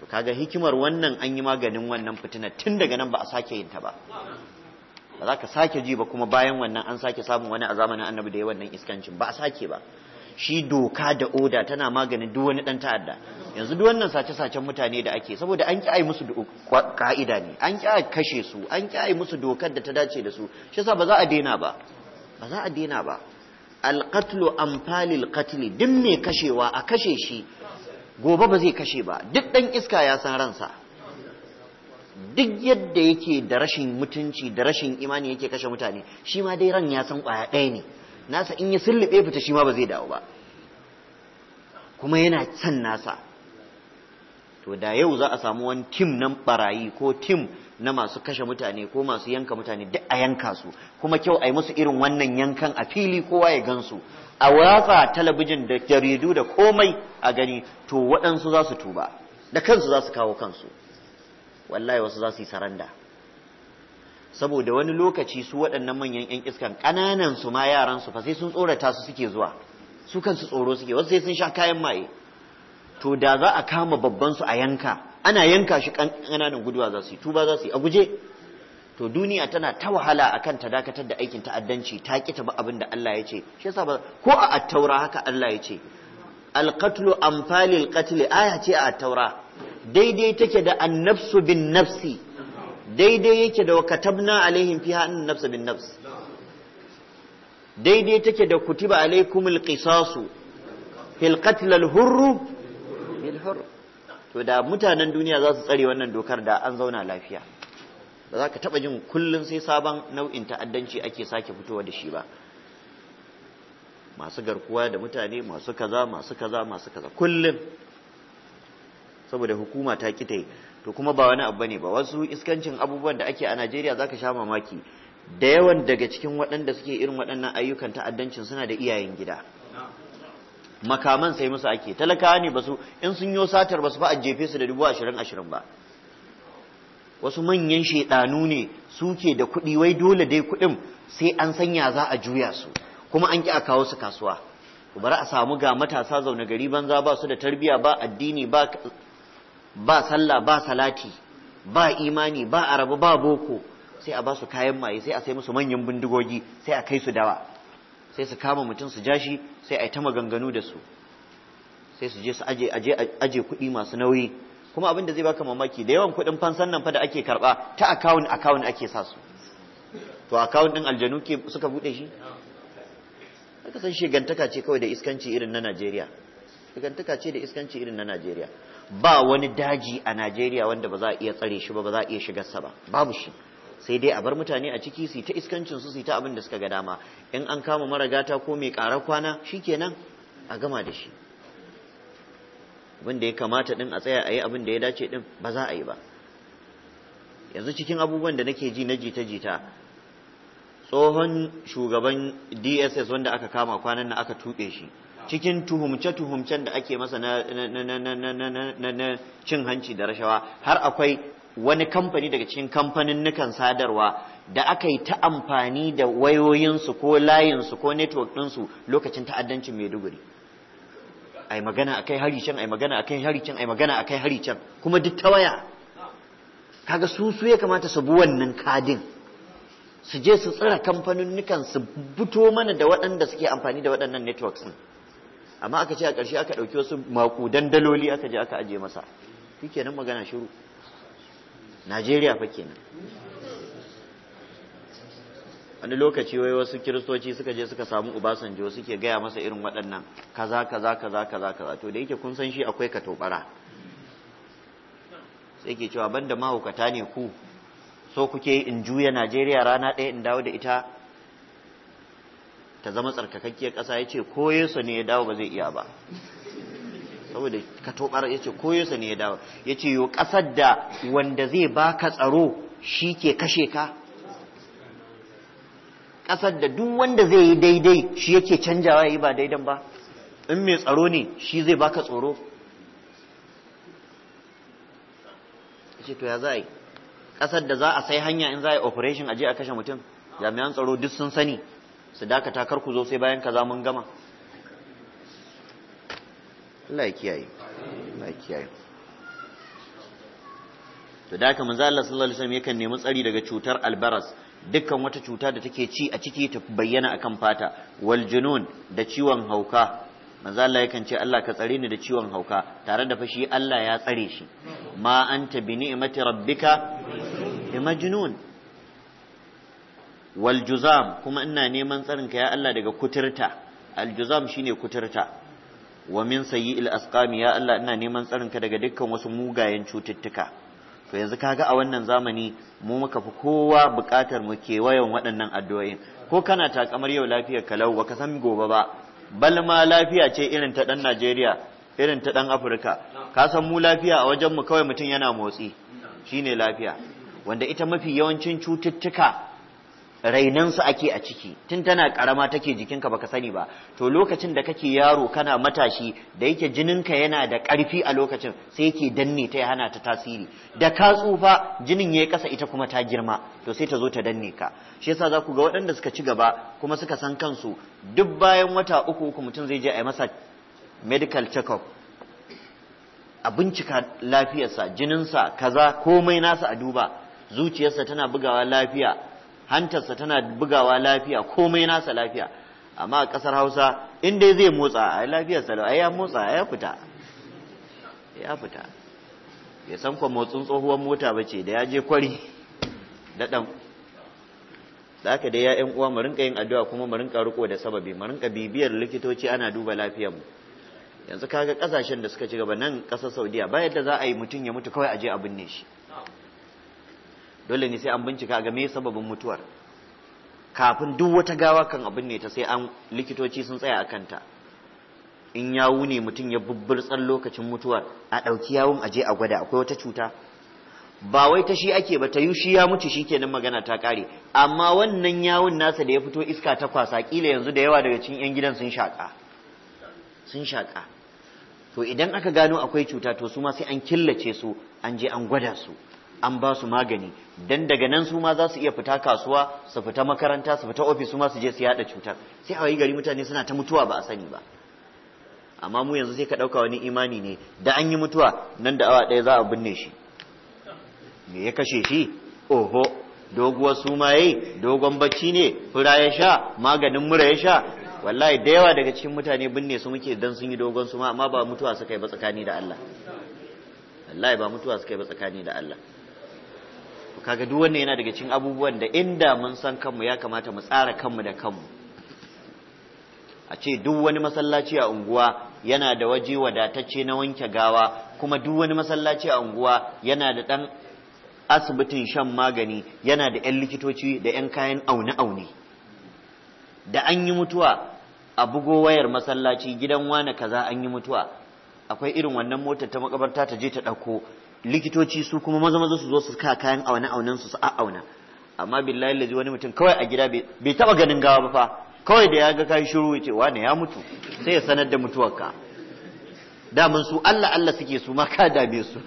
to kaga hikimar wannan an yi maganin wannan fitina tun daga nan ba a sake yin ta ba ba za ka sake ji ba kuma bayan wannan an sake samun wani a zamanin annabi da ya wannan iskancin ba a sake ba shi doka da oda tana maganin duk wani dan ta'adda yanzu duk wannan sace-sacen mutane da ake saboda an ki musu ka'ida ne an ki kashe su an ki ai musu dokar da ta dace da su shi yasa ba za a daina ba ba za a daina ba alƙatlu amfalil katili duk mai kashewa a kashe shi gobe ba zai kashe ba duk ɗan iska ya san ransa duk yadda yake da rashin mutunci da rashin imani yake kashe mutane shi ma dai ran ya san ƙwaya ɗaya ne nasa in ya sullube fita shi ma ba zai dawo ba kuma yana son nasa to da yau za a samu wani tim nan barayi ko tim na masu kashe mutane ko masu yanka mutane duk a yanka su kuma kyau a yi musu irin wannan yankan a fili kowa ya gansu a watsa talabijin da jaridu da komai a gani to waɗansu za su tuba da kansu za su kawo kansu wallahi wasu za su yi saranda saboda wani lokaci su waɗannan manyan 'yan iskan ƙananan su ma yaran su fa sun tsorata su suke zuwa su kansu tsoro suke wasu sai sun sha kayan maye to da za a kama babban su a yanka ana yanka shi ƙananan guduwa za su yi tuba za su yi a guje to duniya tana ta wahala a kan ta dakatar da aikin ta'addanci ta ki taba ba abin da Allah ya ce shi yasa ko a attaura haka Allah ya ce alqatlu amfalil ƙatli aya ce a attaura daidai take da Annabsu bin nafsi daidai yake da katabna alaihim fiha an nafsu bin Nafsi. daidai take da kutiba alaikumul qisasu fil qatl al hurru to da mutanen duniya za su tsare wannan dokar da an zauna lafiya ba za ka taɓa jin kullum sai sabon nau'in ta'addanci ake sake fitowa da shi ba masu garkuwa da mutane masu kaza masu kaza masu kaza kullum saboda hukuma ta kitai to kuma ba wani abu ne ba wasu iskancin abubuwan da ake a Najeriya zaka sha mamaki da yawan daga cikin waɗanda suke irin waɗannan ayyukan ta'addancin suna da iyayen gida makaman sai musu ake talakawa ne basu in sun yo satar basu ba a jefe su da dubu ashirin ashirin ba wasu manyan shaidanu ne suke da kuɗi wai dole dai kuɗin sai an sanya za a juya su kuma an ki a kawo su kasuwa bari a samu ga matasa zaune gari banza ba su da tarbiya ba addini ba ba sallah ba salati ba imani ba arabu ba boko sai a ba su kayan maye sai a sai musu manyan bindigogi sai a kai su dawa sai su kama mutum su jashi sai a yi ta maganganu da su sai su je su aje aje kuɗi masu nauyi kuma abin da zai baka mamaki da yawan kuɗin fansan nan fa da ake karba ta akawun akawun ake sa su to akawun ɗin aljanu ke suka buɗe shi aka san shigantaka ce kawai da iskanci irin na Najeriya shigantaka ce da iskanci irin na Najeriya ba wani daji a Najeriya wanda ba za a iya tsare shi ba ba za a iya shigarsa ba babu shi sai dai a bar mutane a ciki su ta iskancin su su ta abin da suka ga dama in an kama mara gata ko mai ƙara kwana shikenan a gama da shi abin ya kamata din a tsaya a yi abin da ya dace din ba za a yi ba yanzu cikin abubuwan da nake ji na jita-jita tsohon shugaban dss wanda aka kama kwanan na aka tuɓe shi cikin tuhumce-tuhumcen da ake masa na cin hanci da rashawa har akwai wani kamfani daga cikin kamfanin nukan sadarwa da aka yi ta amfani da wayoyinsu ko layinsu ko network ɗinsu lokacin ta'addancin maiduguri ai magana akai hari can ai magana akai hari can ai magana akai hari can kuma duk ta waya kaga su su ya kamata su bi wannan kadin su je su tsira kamfanin su fito mana da waɗanda suke amfani da waɗannan networks ɗin amma aka ce a ƙarshe aka ɗauki wasu maƙudan daloli aka je aka aje masa shikenan magana shiru najeriya fa kenan wani lokaci wai wasu kiristoci suka je suka samu ubasanjo suke gaya masa irin waɗannan kaza kaza kaza kaza kaza to da yake kun san shi akwai ka taubara sai ke cewa banda mahaukata ne ku so kuke in juya najeriya rana ɗaya in dawo da ita ta zama tsarkakakkiyar ƙasa ya ce ko yesu ne ya dawo ba zai iya ba saboda ka tobar yace koyonsa ne ya dawo yace yo kasar da wanda zai baka tsaro shi ke kashe ka kasar da duk wanda zai yi daidai shi yake canjawa yi ba daidan ba in mai tsaro ne shi zai baka tsoro ce to ya za yi kasar da za a sai hanya in za a yi operation a a kashe mutum jami'an tsaro duk sun sani su dakata kar ku zo sai bayan za mun gama Allah ya kiyaye Allah ya kiyaye to da haka manzo Allah sallallahu alaihi wasallam yakan nemi tsari daga cutar albaras dukkan wata cuta da take ci a ciki ta bayyana akan fata wal junun da ciwon hauka manzo Allah yakan ce Allah ka tsare ni da ciwon hauka tare da fashi Allah ya tsare shi ma anta bi ni'mati rabbika bi majnun wal juzam kuma ina neman tsarin ka ya Allah daga kuturta al juzam shine kuturta wa min il asqami ya Allah ina neman tsarin ka daga dukkan wasu mugayen cututtuka to yanzu kaga a wannan zamani mu muka fi kowa buƙatar mu ke kewayen waɗannan addu'o'in ko kana kamar yau lafiyar kalau ba ka san gobe ba bal ma lafiya ce irin ta ɗan Najeriya irin ta ɗan Afirka, ka san mu lafiya a wajen mu kawai mutum yana motsi, shine lafiya, wanda ita mafi yawancin cututtuka rainansu ake a ciki tun tana karama take jikinka baka sani ba to lokacin da kake yaro kana matashi da yake jininka yana da karfi a lokacin sai yake danne ta hana ta tasiri da ka tsufa jinin yayi kasa ita kuma ta girma to sai ta zo ta danne ka shi yasa za ku ga waɗanda suka ci gaba kuma suka san kansu duk bayan wata uku uku mutum zai je a yi masa medical check up a bincika lafiyarsa jininsa kaza komai nasa a duba zuciyarsa tana bugawa lafiya hantarsa tana bugawa lafiya komai nasa lafiya amma a ƙasar hausa in dai zai motsa a lafiyar salo a ya motsa ya fita ya fita ya san kwa motsin tsohuwar mota ba ce da ya je kwari da ɗan da haka dai ya ƴan uwa mu rinka yin addu'a kuma mu rinka riko da sababi mu rinka bibiyar likitoci ana duba lafiyar mu yanzu kaga kasashen da suka ci gaba nan ƙasar Saudiya ba yadda za a yi mutum ya mutu kawai a je a binne shi dole ne sai an bincika ga me sababin mutuwar kafin duk wata gawa kan abin ne ta sai an likitoci sun tsaya a kanta in yawu ne mutum ya bubburtsan lokacin mutuwar a ɗauki yawun aje a gwada akwai wata cuta ba wai ta shi ake ba ta yi shi ya mutu shi kenan magana ta ƙare amma wannan yawun nasa da ya fito iska ta kwasa ƙila yanzu da yawa daga cikin 'yan gidan sun shaƙa sun shaƙa to idan aka gano akwai cuta to su ma sai an killace su an je an gwada su an ba su magani dan daga nan su ma za su iya fita kasuwa su fita makaranta su fita ofis su ma su je su yada cutar sai a wayi gari mutane suna ta mutuwa ba a sani ba amma mu yanzu sai ka ɗauka wani imani ne da an yi mutuwa nan da awa daya za a binne shi me ya kashe shi oho doguwar suma yi dogon bacci ne fura ya sha maganin mura ya sha wallahi da yawa daga cikin mutane binne su muke dan sun yi dogon suma amma ba mutuwa suka yi ba mutuwa suka yi ba tsakani da Allah kaga duk wanda yana daga cikin abubuwan da inda mun san kanmu ya kamata mu tsara kanmu da kanmu a ce duk wani masallaci a unguwa yana da waje wadatacce na wanke gawa kuma duk wani masallaci a unguwa yana da dan asibitin shan magani yana da 'yan likitoci da 'yan kayan aune-aune da an yi mutuwa a bugo wayar masallaci gidan wane kaza an yi mutuwa akwai irin wannan motar ta makabarta ta je ta ɗauko likitoci su kuma maza maza su zo su ka kayan auna aunan su su auna amma billahi lazi wani mutum kawai a gida bai taba ganin gawa ba fa kawai da ya ga kai shiru ya ce wane ya mutu sai ya sanar da mutuwarka daman su Allah Allah suke su ma ka dabe su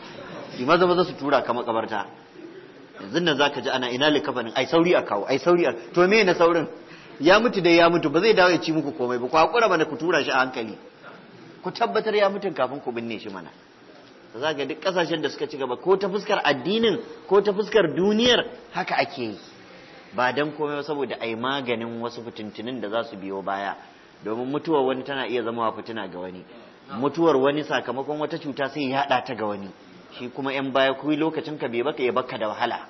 shi maza maza su tura ka makabarta yanzu nan zaka ji ana ina likafanin ai sauri a kawo ai sauri a to me na saurin ya mutu dai ya mutu ba zai dawo ya ci muku komai ba ku hakura bana ku tura shi a hankali ku tabbatar ya mutu kafin ku binne shi mana za ga duk kasashen da suka ci gaba ko ta fuskar addinin ko ta fuskar duniyar haka ake yi ba don komai ba saboda ai maganin wasu fitintunin da za su biyo baya domin mutuwar wani tana iya zama wa fitina ga wani mutuwar wani sakamakon wata cuta sai ya haɗa ta ga wani shi kuma yan baya kuyi lokacin ka bai baka ya baka da wahala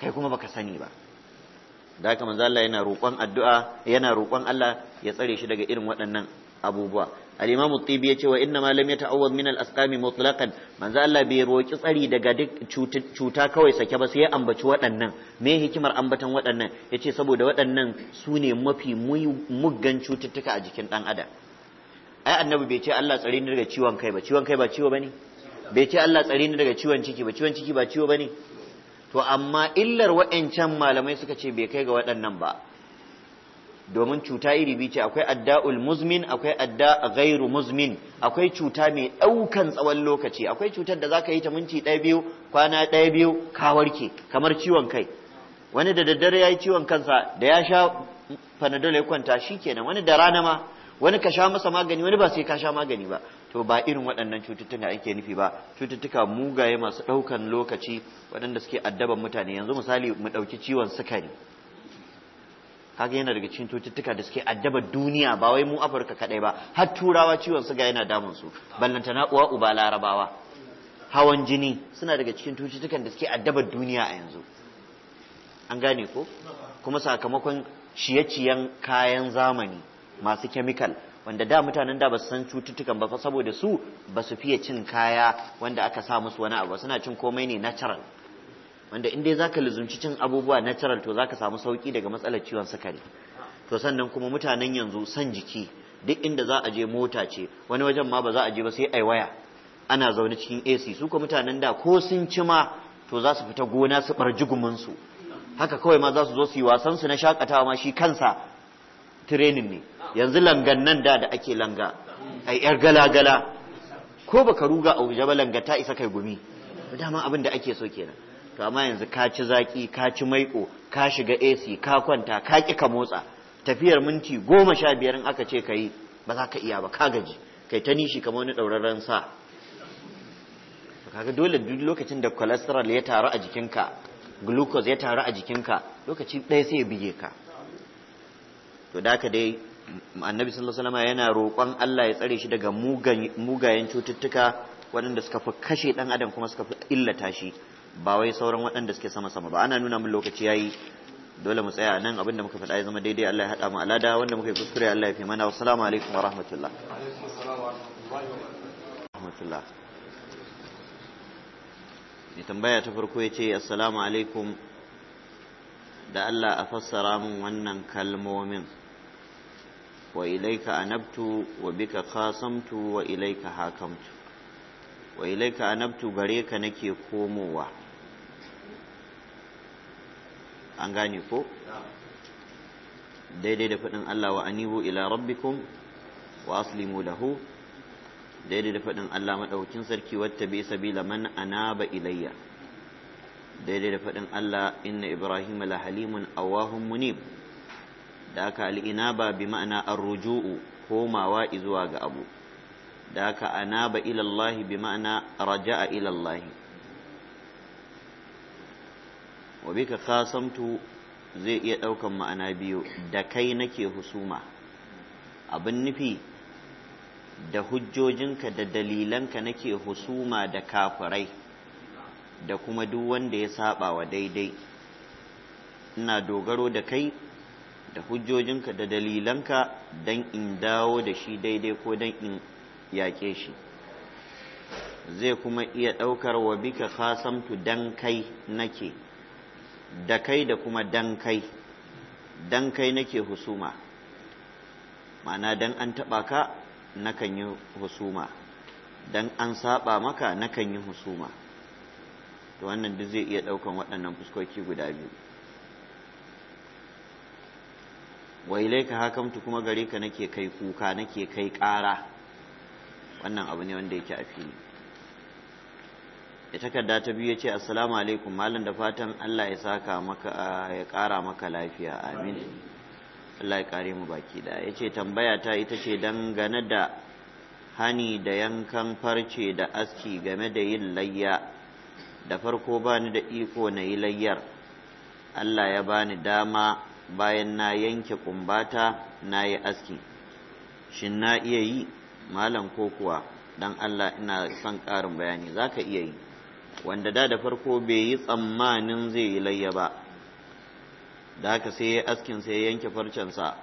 kai kuma baka sani ba da haka manzo Allah yana roƙon addu'a yana roƙon Allah ya tsare shi daga irin waɗannan abubuwa al-imam at-tibi yace wa inna ma lam yata'awwad min al-asqami mutlaqan Allah bai roki tsari daga duk cuta kawai sake ba sai ya ambaci waɗannan me hikimar ambatan waɗannan yace saboda waɗannan su ne mafi muggan cututtuka a jikin dan adam ai annabi bai ce Allah tsare ni daga ciwon kai ba ciwon kai ba ciwo bane bai ce Allah tsare ni daga ciwon ciki ba ciwon ciki ba ciwo bane to amma illar wa'ancan malamai suka ce bai kai ga waɗannan ba domin cuta iri biyu ce akwai adda'ul muzmin akwai adda ghairu muzmin akwai cuta mai ɗaukan tsawon lokaci akwai cutar da zaka yi ta minti ɗaya biyu kwana ɗaya biyu ka warke kamar ciwon kai wani da daddare ya yi ciwon kansa da ya sha panadol ya kwanta shikenan wani da rana ma wani ka sha masa magani wani ba sai ka sha magani ba to ba irin waɗannan cututtuka ake nufi ba cututtuka mugaye masu ɗaukan lokaci waɗanda suke addaban mutane yanzu misali mu ɗauki ciwon sukari kage yana daga cikin cututtuka da suke addaba duniya ba wai mu afirka kadai ba har turawa ciwon suga yana damun su ballanta na uwa uba larabawa hawan jini suna daga cikin cututtukan da suke addaba duniya a yanzu an gane ko kuma sakamakon ciye-ciyen kayan zamani masu kemikal wanda da mutanen da ba su san cututtukan ba saboda su ba su fiye cin kaya wanda aka sa musu wani abu suna cin komai ne natural wanda in dai zaka lizumci cin abubuwa natural to za ka samu sauki daga matsalar ciwon sukari to sannan kuma mutanen yanzu san jiki duk inda za a je mota ce wani wajen ma ba za a je ba sai ai waya ana zaune cikin AC su ko mutanen da ko sun ci ma to za su fita gona su bar jigumin su haka kawai ma za su zo su yi wasan su na shakatawa ma shi kansa training ne yanzu langan nan da da ake langa ai yar gala ko baka ruga a wuce ba langa ta isa kai gumi dama abin da ake so kenan to amma yanzu ka ci zaki ka ci maiƙo ka shiga AC ka kwanta ka ki ka motsa tafiyar minti goma sha biyar in aka ce ka yi ba za ka iya ba ka gaji kai ta nishi kamar wani ɗauraren sa kaga dole duk lokacin da cholesterol ya taru a jikinka glucose ya taru a jikinka lokaci ɗaya sai ya bige ka to da ka dai annabi sallallahu alaihi yana roƙon Allah ya tsare shi daga mugayen cututtuka waɗanda suka fi kashe ɗan adam kuma suka fi illata shi ba wai sauran waɗanda suke sama sama ba ana nuna mun lokaci yayi dole mu tsaya nan abinda muka faɗa ya zama daidai Allah ya haɗa mu alada wanda muka yi kuskure Allah ya fi mana assalamu alaikum wa rahmatullah rahmatullah ne tambaya ta farko ya ce assalamu alaikum da Allah a fassara min wannan kalmomin wa ilaika anabtu wa bika qasamtu wa ilaika hakamtu wa ilaika anabtu gare ka nake komowa an gane ko daidai da faɗin Allah wa anibu ila rabbikum wa aslimu lahu daidai da faɗin Allah maɗaukin sarki wata bi sabila man anaba ilayya daidai da faɗin Allah inna ibrahim la halimun awahun munib da aka al'inaba bi ma'ana arruju'u komawa izuwa ga abu da aka anaba ilallahi bi ma'ana raja'a ilallahi wa bika kasamtu zai iya ɗaukan ma'ana biyu da kai nake husuma abin nufi da hujjojinka da dalilanka nake husuma da kafirai da kuma duk wanda ya saba wa daidai ina dogaro da kai da hujjojinka da dalilanka don in dawo da shi daidai ko don in yaƙe shi zai kuma iya ɗaukar wa bika kasamtu dan kai nake da kai da kuma dan kai dan kai nake husuma ma'ana dan an taɓa ka nakan yi husuma dan an saba maka nakan yi husuma to wannan duk zai iya ɗaukan waɗannan fuskoki guda biyu wa ilaika hakamtu kuma gare ka nake kai kuka nake kai ƙara wannan abu ne wanda yake a fili takarda ta biyu ce assalamu alaikum malam da fatan Allah ya saka maka ya ƙara maka lafiya amin Allah ya kare mu baki da yace tambaya ta ita ce dangane da hani da yankan farce da aski game da yin layya da farko bani da iko na yi layyar Allah ya bani dama bayan na yanke kumbata na yi aski shin na iya yi malam ko kuwa dan Allah ina son karin bayani zaka iya yi wanda da da farko bai yi tsammanin zai yi layya ba da haka sai ya askin sai ya yanke farcensa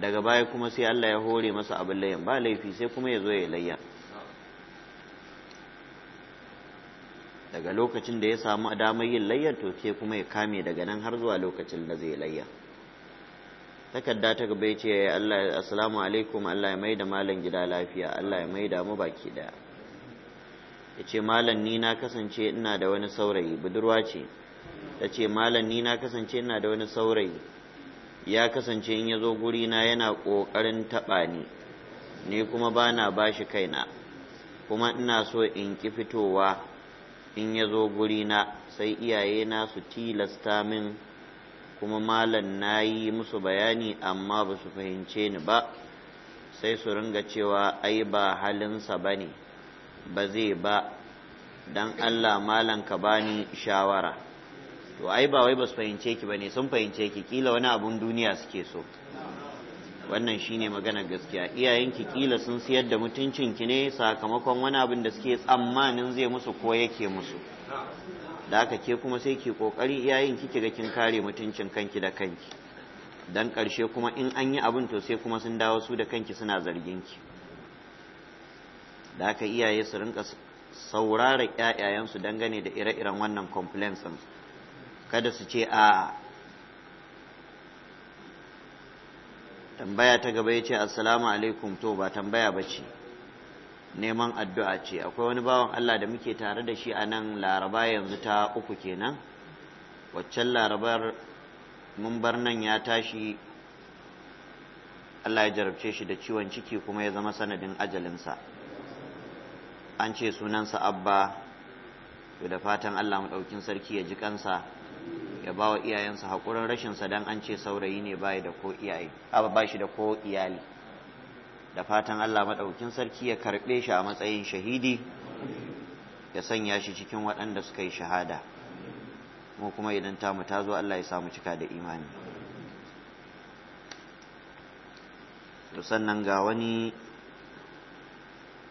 daga baya kuma sai Allah ya hore masa abin layyan ba laifi sai kuma ya zo ya layya daga lokacin da ya samu damar yin layyar to sai kuma ya kame daga nan har zuwa lokacin da zai layya takarda ta gaba ya ce Allah assalamu alaikum Allah ya mai da malam gida lafiya Allah ya mai da mu baki daya ya ce malam ni na kasance ina da wani saurayi budurwa ce ta ce malam ni na kasance ina da wani saurayi ya kasance in ya zo na yana ƙoƙarin taɓa ni ni kuma ba na ba shi kaina kuma ina so in ki fitowa in ya zo na. sai iyayena su tilasta min kuma malam na yi musu bayani amma ba su fahimce ni ba sai su ringa cewa ai ba halinsa ba ne ba zai ba don Allah malan ka bani shawara to ai ba wai ba su fahimce ki ba ne sun fahimce ki kila wani abun duniya suke so wannan shine magana gaskiya iyayenki kila sun siyar da mutuncinki ne sakamakon wani abin da suke tsammanin zai musu ko yake musu da haka ke kuma sai ki kokari iyayen kike kiga kin kare mutuncin kanki da kanki dan ƙarshe kuma in an yi abin to sai kuma sun dawo su da kanki suna zargin ki da aka iyaye su rinka saurara ƴaƴayensu dangane da ire-iren wannan complaints kada su ce a tambaya ta gaba ya ce assalamu alaikum to ba tambaya ba ce neman addu'a ce akwai wani bawan Allah da muke tare da shi a nan laraba yanzu ta uku kenan waccan larabar mun bar nan ya tashi Allah ya jarabce shi da ciwon ciki kuma ya zama sanadin ajalinsa an ce sunansa abba to da fatan Allah maɗaukin sarki ya ji kansa ya ba wa iyayensa haƙurin rashinsa don an ce saurayi ne ba da ko iyaye ba shi da ko iyali da fatan Allah maɗaukin sarki ya karɓe shi a matsayin shahidi ya sanya shi cikin waɗanda suka yi shahada mu kuma idan tamu ta zo Allah ya samu cika da imani to sannan ga wani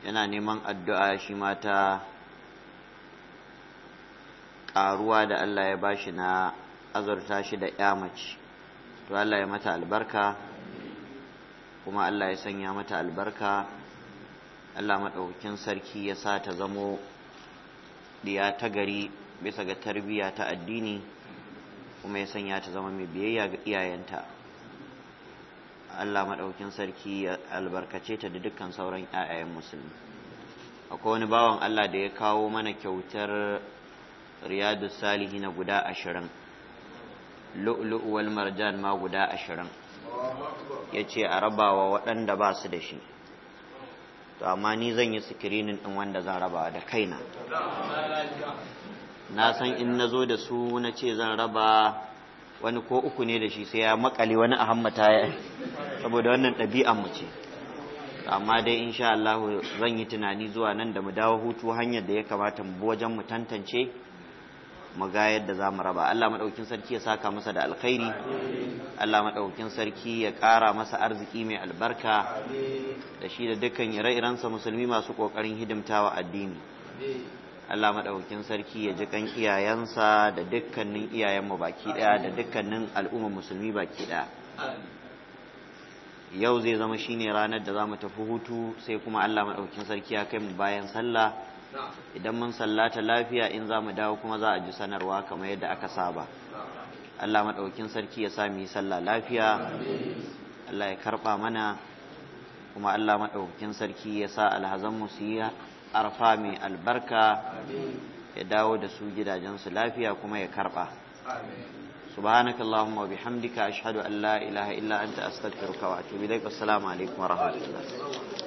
yana neman addu'a shi mata ƙaruwa da Allah ya ba shi na azurta shi da ya mace to Allah ya mata albarka kuma Allah ya sanya mata albarka Allah maɗaukakin sarki ya sa ta zamo diya ta gari bisa ga tarbiyya ta addini kuma ya sanya ta zama mai biyayya ga iyayenta Allah maɗaukin sarki albarkace ta da dukkan sauran 'ya'yan musulmi akwai wani bawan Allah da ya kawo mana kyautar riyadu salihi na guda ashirin lu'lu'u wal marjan ma guda ashirin ya ce a rabawa waɗanda ba su da shi to amma ni zan yi sikirinin ɗin wanda zan rabawa da kaina na san in nazo zo da su na ce zan raba wani ko uku ne da shi sai ya makale wani a hammata ya saboda wannan ɗabi'an mu ce amma dai insha Allah zan yi tunani zuwa nan da mu dawo hutu hanyar da ya kamata mu bi wajen mu tantance mu ga yadda za mu raba Allah maɗaukin sarki ya saka masa da alkhairi Allah maɗaukin sarki ya ƙara masa arziki mai albarka da shi da dukkan ire-irensa musulmi masu ƙoƙarin wa addini Allah maɗaukin sarki ya ji kan iyayensa da dukkanin iyayen mu baki ɗaya da dukkanin al'ummar musulmi baki ɗaya yau zai zama shine ranar da za mu tafi hutu sai kuma Allah maɗaukin sarki ya kai mu bayan sallah idan mun sallata lafiya in za mu dawo kuma za a ji sanarwa kamar yadda aka saba Allah maɗaukin sarki ya sa mu yi sallah lafiya Allah ya karɓa mana kuma Allah maɗaukin sarki ya sa alhazanmu su yi arfa mai albarka ya dawo da su gidajensu lafiya kuma ya karɓa سبحانك اللهم وبحمدك أشهد أن لا إله إلا أنت أستغفرك وأتوب إليك والسلام عليكم ورحمة الله